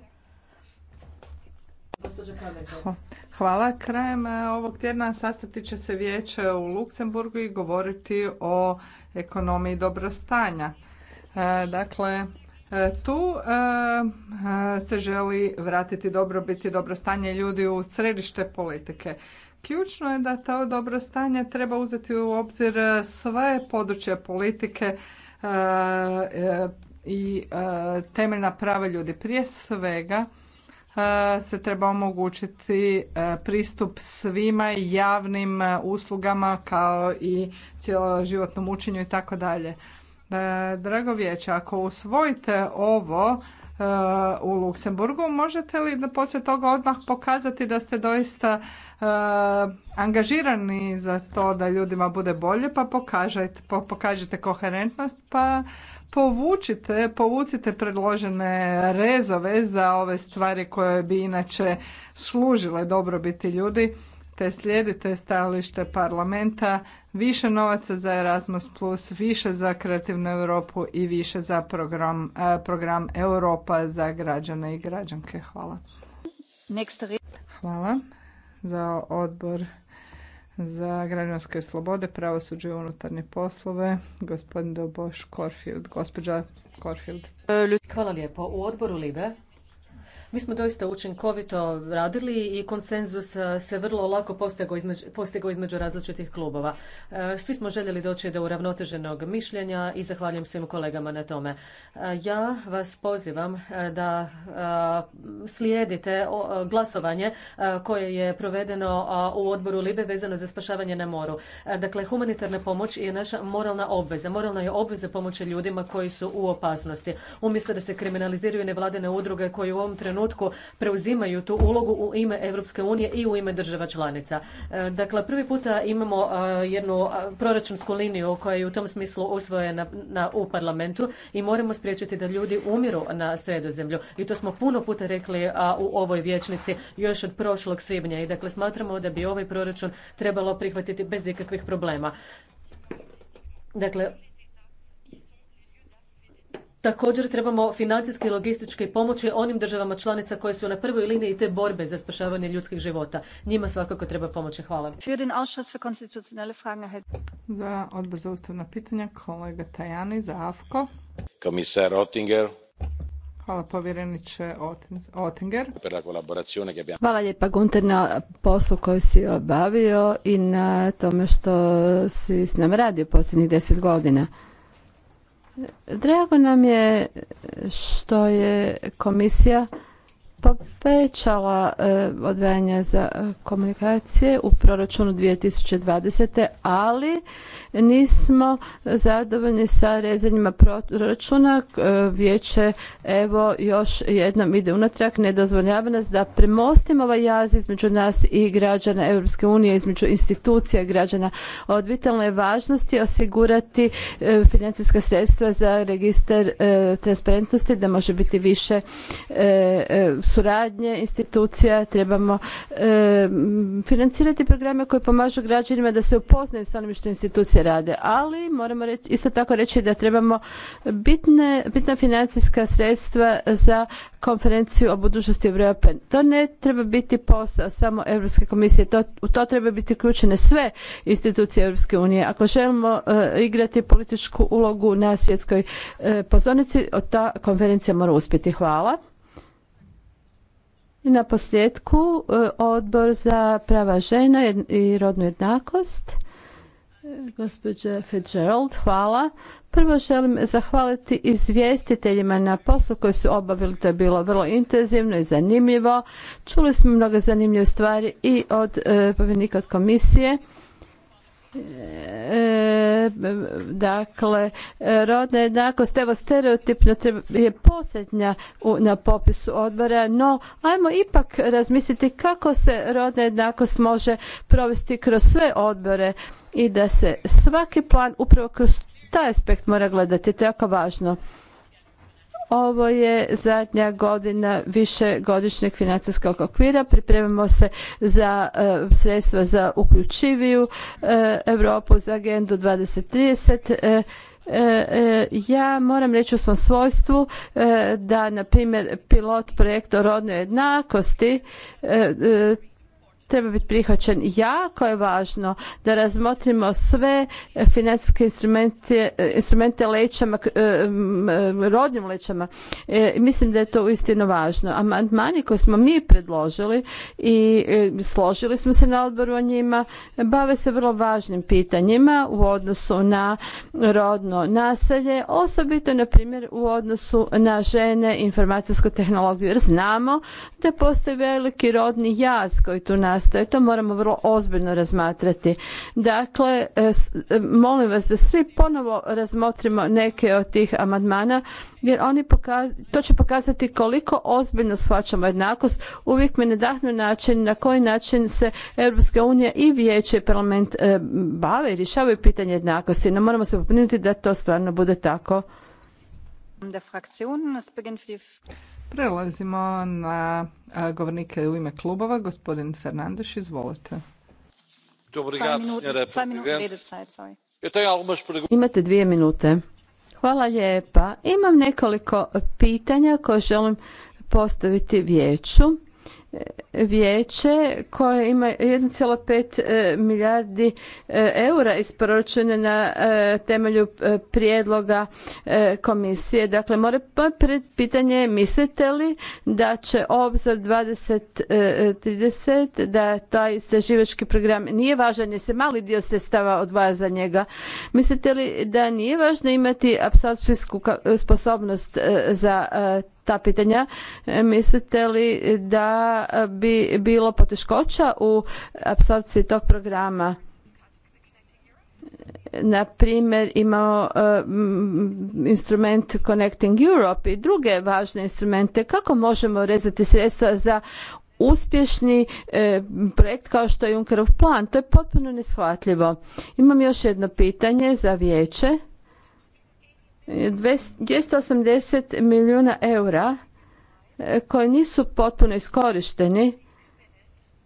Hvala. Krajem e, ovog tjedna sastati će se vijeće u Luksemburgu i govoriti o ekonomiji dobrostanja. E, dakle, e, tu se želi vratiti dobrobiti i dobrostanje ljudi u središte politike. Ključno je da to dobro stanje treba uzeti u obzir e, sve područje politike e, e, i temeljna prava ljudi. Prije svega se treba omogućiti pristup svima javnim uslugama kao i cjeloživotnom učenju i tako dalje. Drago vijeće, ako usvojite ovo, Eh, u Luksemburgu. Možete li da poslije toga odmah pokazati da ste doista eh, angažirani za to da ljudima bude bolje, pa pokažite pokažete koherentnost, pa povučite, povucite predložene rezove za ove stvari koje bi inače služile dobrobiti ljudi te slijedite stajalište parlamenta više novaca za Erasmus+, više za kreativnu Europu i više za program, e, program Europa za građane i građanke. Hvala. Hvala za odbor za građanske slobode, pravosuđe i unutarnje poslove, gospodin Doboš Korfield, gospođa Korfield. Hvala lijepo. U odboru LIBE mi smo doista učinkovito radili i konsenzus e, se vrlo lako postigao između, različitih klubova. E, svi smo željeli doći do uravnoteženog mišljenja i zahvaljujem svim kolegama na tome. E, ja vas pozivam da slijedite glasovanje koje je provedeno u odboru Libe vezano za spašavanje na moru. Dakle, humanitarna pomoć je naša moralna obveza. Moralna je obveza pomoći ljudima koji su u opasnosti. Umjesto da se kriminaliziraju nevladine udruge koje u ovom trenutku trenutku preuzimaju tu ulogu u ime Europske unije i u ime država članica. E, dakle, prvi puta imamo e, jednu e, proračunsku liniju koja je u tom smislu usvojena na, u parlamentu i moramo spriječiti da ljudi umiru na sredozemlju. I to smo puno puta rekli a, u ovoj vječnici još od prošlog svibnja. I dakle, smatramo da bi ovaj proračun trebalo prihvatiti bez ikakvih problema. Dakle, Također trebamo financijske i logističke pomoći onim državama članica koje su na prvoj liniji te borbe za spašavanje ljudskih života. Njima svakako treba pomoći. Hvala. Za odbor za ustavna pitanja kolega Tajani za AFKO. Komisar Ottinger. Hvala povjereniče Ottinger. Hvala lijepa Gunter na poslu koji si obavio i na tome što si s nama radio posljednjih deset godina. Drago nam je što je komisija povećala e, odvajanja za e, komunikacije u proračunu 2020. ali nismo zadovoljni sa rezanjima proračuna. E, vijeće evo još jednom ide unatrag, ne dozvoljava nas da premostimo ovaj jaz između nas i građana Europske unije, između institucija i građana. Od vitalne važnosti osigurati financijska sredstva za registar transparentnosti da može biti više suradnje institucija, trebamo financirati programe koji pomažu građanima da se upoznaju s onim što institucije rade, ali moramo isto tako reći da trebamo bitne, bitna financijska sredstva za konferenciju o budućnosti Europe. To ne treba biti posao samo Europske komisije, to, u to treba biti uključene sve institucije Europske unije. Ako želimo eh, igrati političku ulogu na svjetskoj eh, pozornici, ta konferencija mora uspjeti. Hvala. Na posljedku e, odbor za prava žena i rodnu jednakost. E, gospođa Fitzgerald, hvala. Prvo želim zahvaliti izvjestiteljima na poslu koji su obavili. To je bilo vrlo intenzivno i zanimljivo. Čuli smo mnoge zanimljive stvari i od e, povjerenika od komisije. E, dakle, rodna jednakost, evo stereotipno je posljednja na popisu odbora, no ajmo ipak razmisliti kako se rodna jednakost može provesti kroz sve odbore i da se svaki plan upravo kroz taj aspekt mora gledati, to je jako važno. Ovo je zadnja godina višegodišnjeg financijskog okvira. Pripremamo se za e, sredstva za uključiviju e, Europu za agendu 2030 e, ja moram reći u svom svojstvu da na primjer pilot projekt o rodnoj jednakosti treba biti prihvaćen. Jako je važno da razmotrimo sve financijske instrumente, instrumente lećama, e, e, rodnim lećama. E, mislim da je to uistinu važno. Amandmani koje smo mi predložili i složili smo se na odboru o njima, bave se vrlo važnim pitanjima u odnosu na rodno naselje, osobito na primjer u odnosu na žene informacijsku tehnologiju. Jer znamo da postoji veliki rodni jaz koji tu nas to moramo vrlo ozbiljno razmatrati. Dakle, e, e, molim vas da svi ponovo razmotrimo neke od tih amandmana jer oni pokaz, to će pokazati koliko ozbiljno shvaćamo jednakost. Uvijek me nadahnu način na koji način se Europska unija i vijeće i parlament e, bave i rješavaju pitanje jednakosti. No moramo se poprinuti da to stvarno bude tako. Prelazimo na govornike u ime klubova. Gospodin Fernandeš, izvolite. Imate dvije minute. Hvala lijepa. Imam nekoliko pitanja koje želim postaviti vijeću vijeće koje ima 1,5 e, milijardi e, eura iz na e, temelju prijedloga komisije. Dakle, mora pred pitanje mislite li da će obzor 2030 da taj istraživački program nije važan jer se mali dio sredstava odvaja za njega. Mislite li da nije važno imati apsorpcijsku sposobnost za ta pitanja. E, mislite li da bi bilo poteškoća u apsorpciji tog programa? na primjer imao e, instrument Connecting Europe i druge važne instrumente kako možemo rezati sredstva za uspješni e, projekt kao što je Junckerov plan. To je potpuno neshvatljivo. Imam još jedno pitanje za vijeće. 280 milijuna eura e, koji nisu potpuno iskorišteni,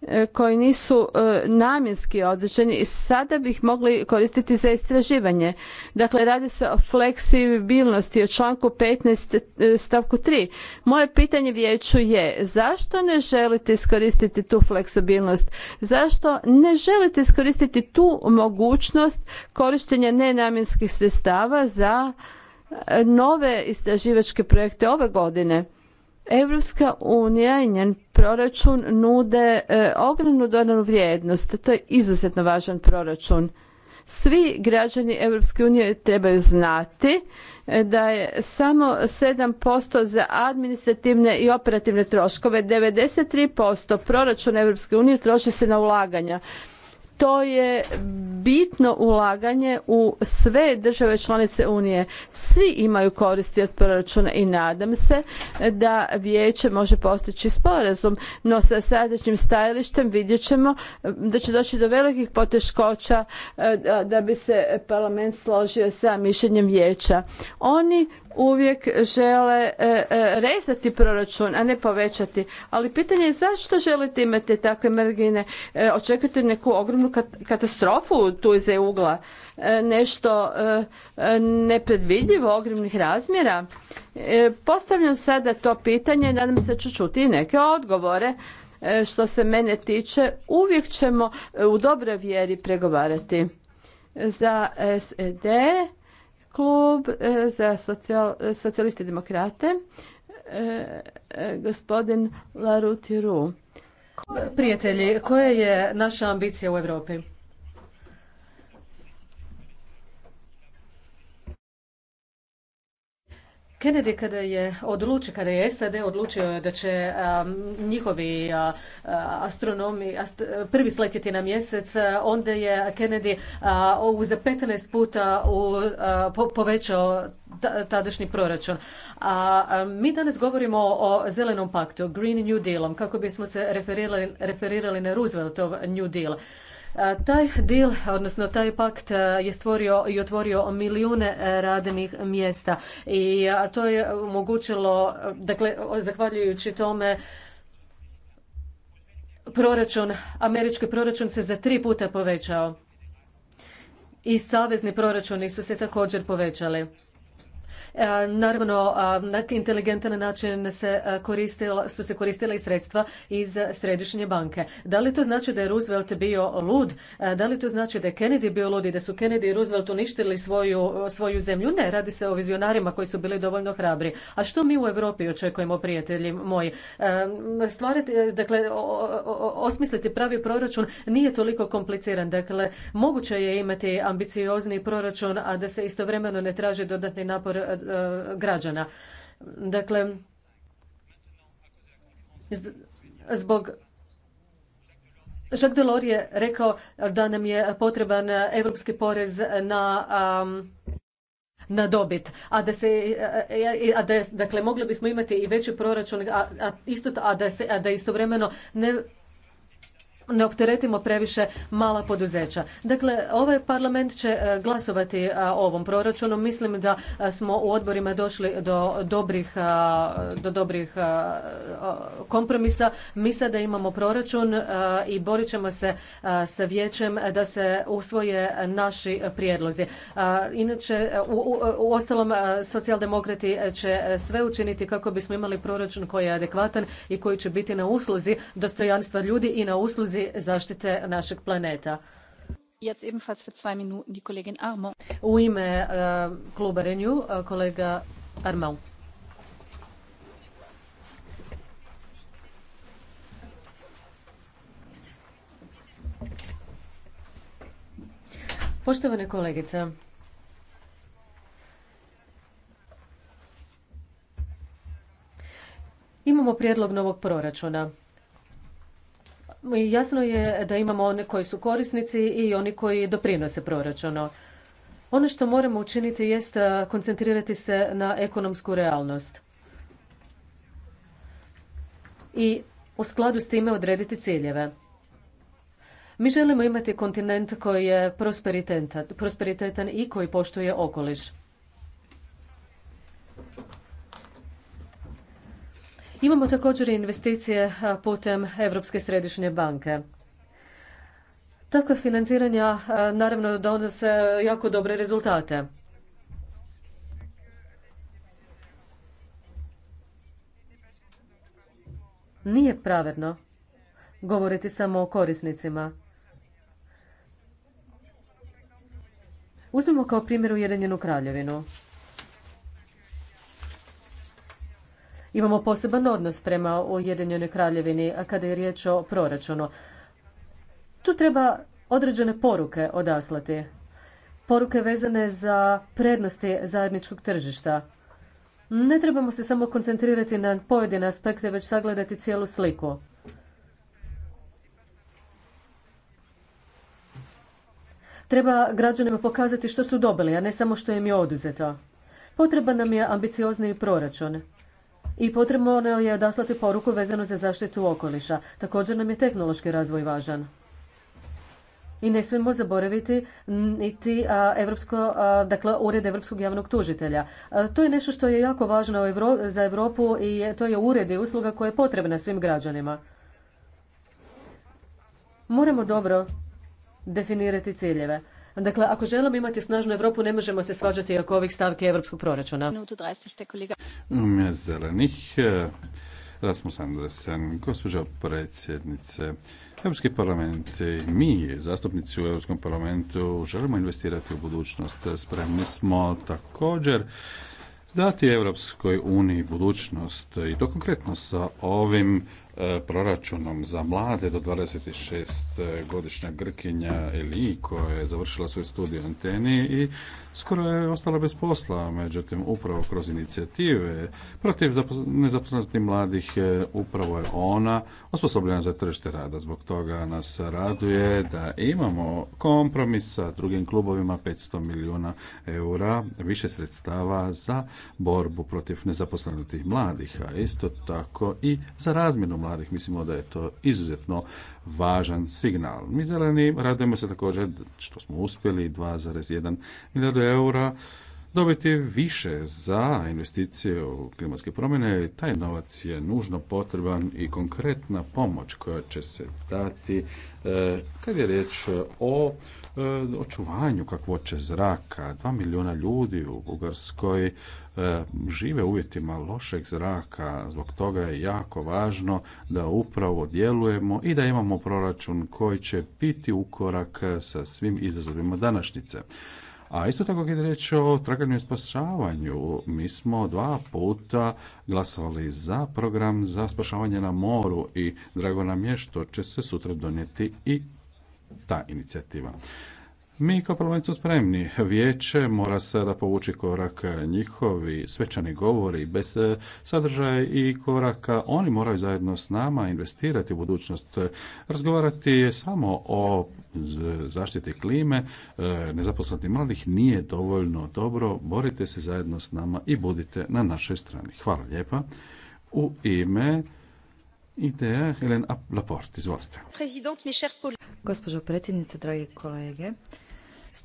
e, koji nisu e, namjenski određeni i sada bi ih mogli koristiti za istraživanje. Dakle, radi se o fleksibilnosti, o članku 15 stavku 3. Moje pitanje vijeću je zašto ne želite iskoristiti tu fleksibilnost? Zašto ne želite iskoristiti tu mogućnost korištenja nenamjenskih sredstava za nove istraživačke projekte ove godine. Europska unija i njen proračun nude e, ogromnu dodanu vrijednost. To je izuzetno važan proračun. Svi građani Europske unije trebaju znati e, da je samo 7% za administrativne i operativne troškove, 93% proračuna Europske unije troši se na ulaganja to je bitno ulaganje u sve države članice Unije. Svi imaju koristi od proračuna i nadam se da vijeće može postići sporazum, no sa sadašnjim stajalištem vidjet ćemo da će doći do velikih poteškoća e, da bi se parlament složio sa mišljenjem vijeća. Oni uvijek žele e, e, rezati proračun, a ne povećati. Ali pitanje je zašto želite imati takve margine? E, očekujete neku ogromnu katastrofu tu iza ugla? Nešto nepredvidljivo, ogromnih razmjera? Postavljam sada to pitanje, nadam se da ću čuti i neke odgovore. Što se mene tiče, uvijek ćemo u dobroj vjeri pregovarati. Za SED Klub e, za socijal, e, socijaliste demokrate, e, gospodin Ru. Prijatelji, koja je naša ambicija u Europi? Kennedy kada je odlučio, kada je SAD odlučio da će um, njihovi uh, uh, astronomi prvi sletjeti na mjesec, uh, onda je Kennedy u za 15 puta u, povećao tadašnji proračun. A um, mi danas govorimo o zelenom paktu, Green New Dealom, kako bismo se referirali, referirali na Rooseveltov New Deal. Taj deal odnosno taj pakt je stvorio i otvorio milijune e, radnih mjesta i to je omogućilo, dakle, zahvaljujući tome, proračun, američki proračun se za tri puta povećao i savezni proračuni su se također povećali. E, naravno, na inteligentan način se e, su se koristila i sredstva iz središnje banke. Da li to znači da je Roosevelt bio lud? E, da li to znači da je Kennedy bio lud i da su Kennedy i Roosevelt uništili svoju, zemlju? Ne, radi se o vizionarima koji su bili dovoljno hrabri. A što mi u Europi očekujemo, prijatelji moji? Stvariti, dakle, osmisliti pravi proračun nije toliko kompliciran. Dakle, moguće je imati ambiciozni proračun, a da se istovremeno ne traži dodatni napor E, građana. Dakle, zbog Jacques Delors je rekao da nam je potreban europski porez na na dobit, a da se, e, e, a da, dakle, mogli bismo imati i veći proračun, a, a isto, a da se, a da istovremeno ne ne opteretimo previše mala poduzeća. Dakle, ovaj parlament će e, glasovati e, o ovom proračunu. Mislim da e, smo u odborima došli do dobrih, do dobrih kompromisa. Mi sada imamo proračun i borit ćemo se sa vijećem da se usvoje naši prijedlozi. Inače, u, u ostalom, socijaldemokrati će sve učiniti kako bismo imali proračun koji je adekvatan i koji će biti na usluzi dostojanstva ljudi i na usluzi zaštite našeg planeta. U ime e, kluba Renew, e, kolega Armau. Poštovane kolegice, imamo prijedlog novog proračuna. Jasno je da imamo one koji su korisnici i oni koji doprinose proračunu. Ono što moramo učiniti jest e, koncentrirati se na ekonomsku realnost i u skladu s time odrediti ciljeve. Mi želimo imati kontinent koji je prosperitetan i koji poštuje okoliš. Imamo također investicije putem Europske središnje banke. Takva financiranja naravno donose jako dobre rezultate. Nije pravedno govoriti samo o korisnicima. Uzmimo kao primjer Ujedinjenu kraljevinu. Imamo poseban odnos prema Ujedinjenoj kraljevini kada je riječ o proračunu. Tu treba određene poruke odaslati. Poruke vezane za prednosti zajedničkog tržišta. Ne trebamo se samo koncentrirati na pojedine aspekte, već sagledati cijelu sliku. Treba građanima pokazati što su dobili, a ne samo što im je oduzeto. Potreban nam je ambiciozniji proračun i potrebno je odaslati poruku vezanu za zaštitu okoliša. Također nam je tehnološki razvoj važan. I ne smijemo zaboraviti niti dakle, ured Evropskog javnog tužitelja. To je nešto što je jako važno za Europu i to je ured i usluga koja je potrebna svim građanima. Moramo dobro definirati ciljeve. Dakle, ako želimo imati snažnu Europu, ne možemo se svađati oko ovih stavke europskog proračuna. zelenih, eh, Rasmus Andersen, gospođo predsjednice, Europski parlament, mi zastupnici u Europskom parlamentu želimo investirati u budućnost. Spremni smo također dati Europskoj uniji budućnost i to konkretno sa ovim E, proračunom za mlade do 26 godišnja Grkinja Eli koja je završila svoj studij u Anteni i skoro je ostala bez posla. Međutim, upravo kroz inicijative protiv nezaposlenosti mladih e, upravo je ona osposobljena za tržište rada. Zbog toga nas raduje da imamo kompromis sa drugim klubovima 500 milijuna eura više sredstava za borbu protiv nezaposlenosti mladih, a isto tako i za razmjenu mladih. Mislimo da je to izuzetno važan signal. Mi zeleni radujemo se također što smo uspjeli 2,1 milijardu eura dobiti više za investicije u klimatske promjene. Taj novac je nužno potreban i konkretna pomoć koja će se dati e, kad je riječ o E, očuvanju kakvoće zraka. Dva milijuna ljudi u Bugarskoj e, žive u uvjetima lošeg zraka, zbog toga je jako važno da upravo djelujemo i da imamo proračun koji će biti ukorak sa svim izazovima današnjice. A isto tako kad je reč o traganju i spašavanju, mi smo dva puta glasovali za program za spašavanje na moru i drago nam je što će se sutra donijeti i ta inicijativa. Mi kao parlament spremni. Vijeće mora sada povući korak njihovi svečani govori bez sadržaja i koraka. Oni moraju zajedno s nama investirati u budućnost. Razgovarati samo o zaštiti klime, nezaposlati mladih nije dovoljno dobro. Borite se zajedno s nama i budite na našoj strani. Hvala lijepa. U ime ideja Helen Laporte, izvolite. Gospođo predsjednice, dragi kolege,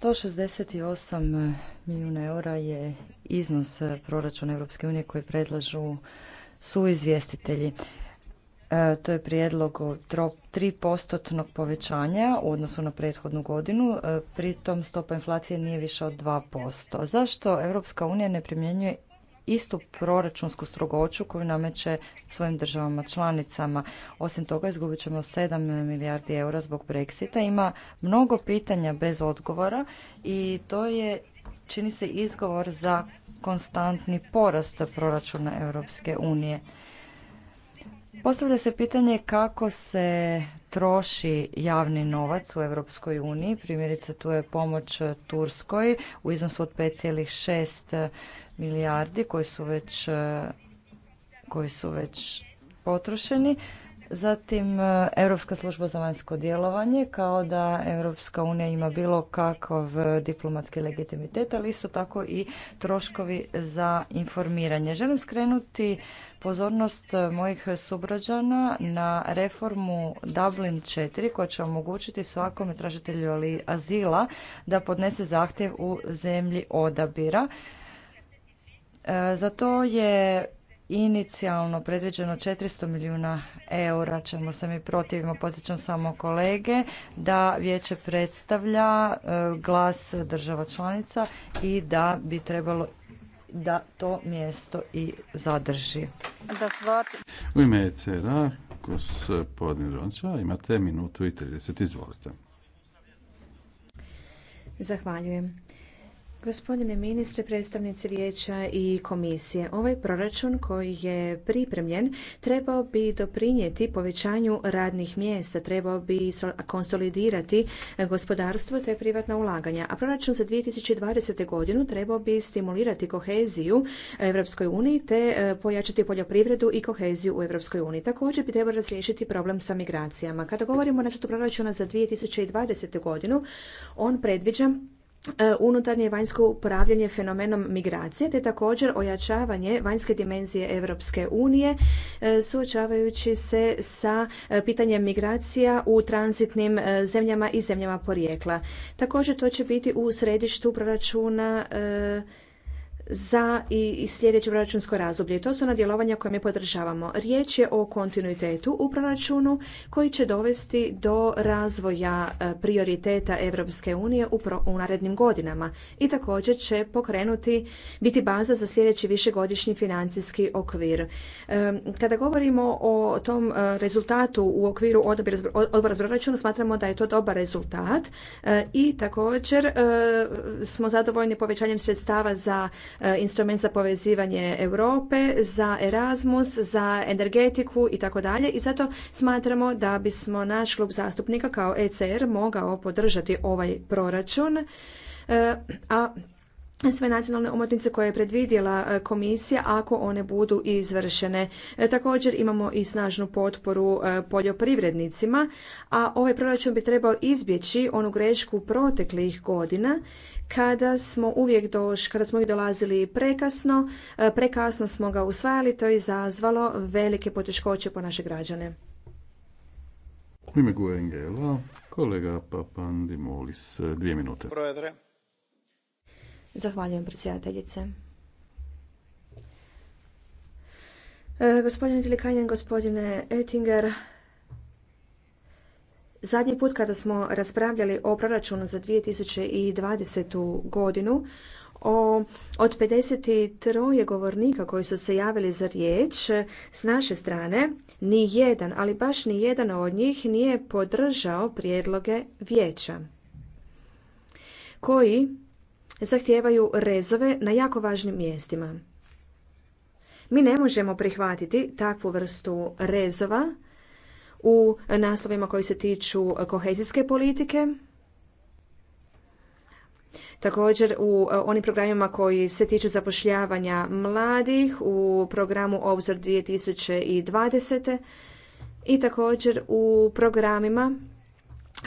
168 milijuna eura je iznos eh, proračuna Europske unije koji predlažu su izvjestitelji. Eh, to je prijedlog 3% povećanja u odnosu na prethodnu godinu, eh, pritom stopa inflacije nije više od 2%. Zašto Europska unija ne primjenjuje istu proračunsku strogoću koju nameće svojim državama članicama. Osim toga izgubit ćemo 7 milijardi eura zbog Brexita. Ima mnogo pitanja bez odgovora i to je čini se izgovor za konstantni porast proračuna Europske unije. Postavlja se pitanje kako se troši javni novac u Europskoj uniji. Primjerice tu je pomoć Turskoj u iznosu od 5,6 milijardi koji su već koji su već potrošeni. Zatim e, Europska služba za vanjsko djelovanje kao da Europska unija ima bilo kakav e, diplomatski legitimitet, ali isto tako i troškovi za informiranje. Želim skrenuti pozornost e, mojih subrađana na reformu Dublin 4 koja će omogućiti svakome tražitelju azila da podnese zahtjev u zemlji odabira. Zato je inicijalno predviđeno 400 milijuna eura čemu se mi protivimo. Potičem samo kolege da vijeće predstavlja e, glas država članica i da bi trebalo da to mjesto i zadrži. U ime ECR-a, gospodin Ronča, imate minutu i 30, izvolite. Zahvaljujem. Gospodine ministre, predstavnici vijeća i komisije, ovaj proračun koji je pripremljen trebao bi doprinijeti povećanju radnih mjesta, trebao bi konsolidirati gospodarstvo te privatna ulaganja, a proračun za 2020. godinu trebao bi stimulirati koheziju Europskoj uniji te e, pojačati poljoprivredu i koheziju u Europskoj uniji. Također bi trebao razriješiti problem sa migracijama. Kada govorimo o nacrtu proračuna za 2020. godinu, on predviđa E, unutarnje vanjsko upravljanje fenomenom migracije te također ojačavanje vanjske dimenzije Europske unije e, suočavajući se sa e, pitanjem migracija u tranzitnim zemljama i zemljama porijekla. Također to će biti u središtu proračuna za i sljedeće proračunsko razdoblje. to su ona djelovanja koje mi podržavamo. Riječ je o kontinuitetu u proračunu koji će dovesti do razvoja e, prioriteta Europske unije u narednim godinama i također će pokrenuti biti baza za sljedeći višegodišnji financijski okvir. E, kada govorimo o tom e, rezultatu u okviru odbora za proračun, smatramo da je to dobar rezultat i također smo zadovoljni povećanjem sredstava za E, instrument za povezivanje Europe, za Erasmus, za energetiku i tako dalje i zato smatramo da bismo naš klub zastupnika kao ECR mogao podržati ovaj proračun, e, a sve nacionalne omotnice koje je predvidjela e, komisija ako one budu izvršene. Također imamo i snažnu potporu poljoprivrednicima, a ovaj proračun bi trebao izbjeći onu grešku proteklih godina kada smo uvijek doš, kada smo uvijek dolazili prekasno, e, prekasno smo ga usvajali, to je izazvalo velike poteškoće po naše građane. U ime Guengela, kolega Papandimolis, dvije minute. Projedre. Zahvaljujem predsjedateljice. E, gospodine Tilikanjen, gospodine Ettinger, Zadnji put kada smo raspravljali o proračunu za 2020. godinu, o, od 53 govornika koji su se javili za riječ s naše strane, ni jedan, ali baš ni jedan od njih nije podržao prijedloge vijeća koji zahtijevaju rezove na jako važnim mjestima. Mi ne možemo prihvatiti takvu vrstu rezova u naslovima koji se tiču kohezijske politike. Također u onim programima koji se tiču zapošljavanja mladih, u programu Obzor 2020. i također u programima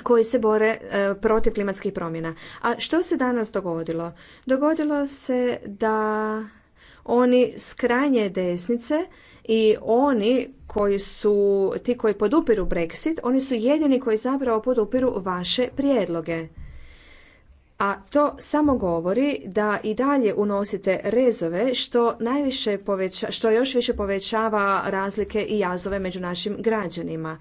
koji se bore e, protiv klimatskih promjena. A što se danas dogodilo? Dogodilo se da oni s krajnje desnice i oni koji su ti koji podupiru Brexit, oni su jedini koji zapravo podupiru vaše prijedloge. A to samo govori da i dalje unosite rezove što najviše poveća, što još više povećava razlike i jazove među našim građanima.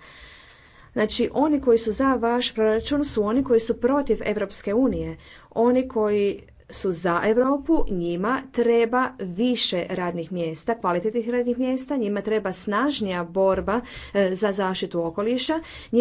Znači, oni koji su za vaš proračun su oni koji su protiv Europske unije, oni koji su za Europu, njima treba više radnih mjesta, kvalitetnih radnih mjesta, njima treba snažnija borba e, za zaštitu okoliša, njima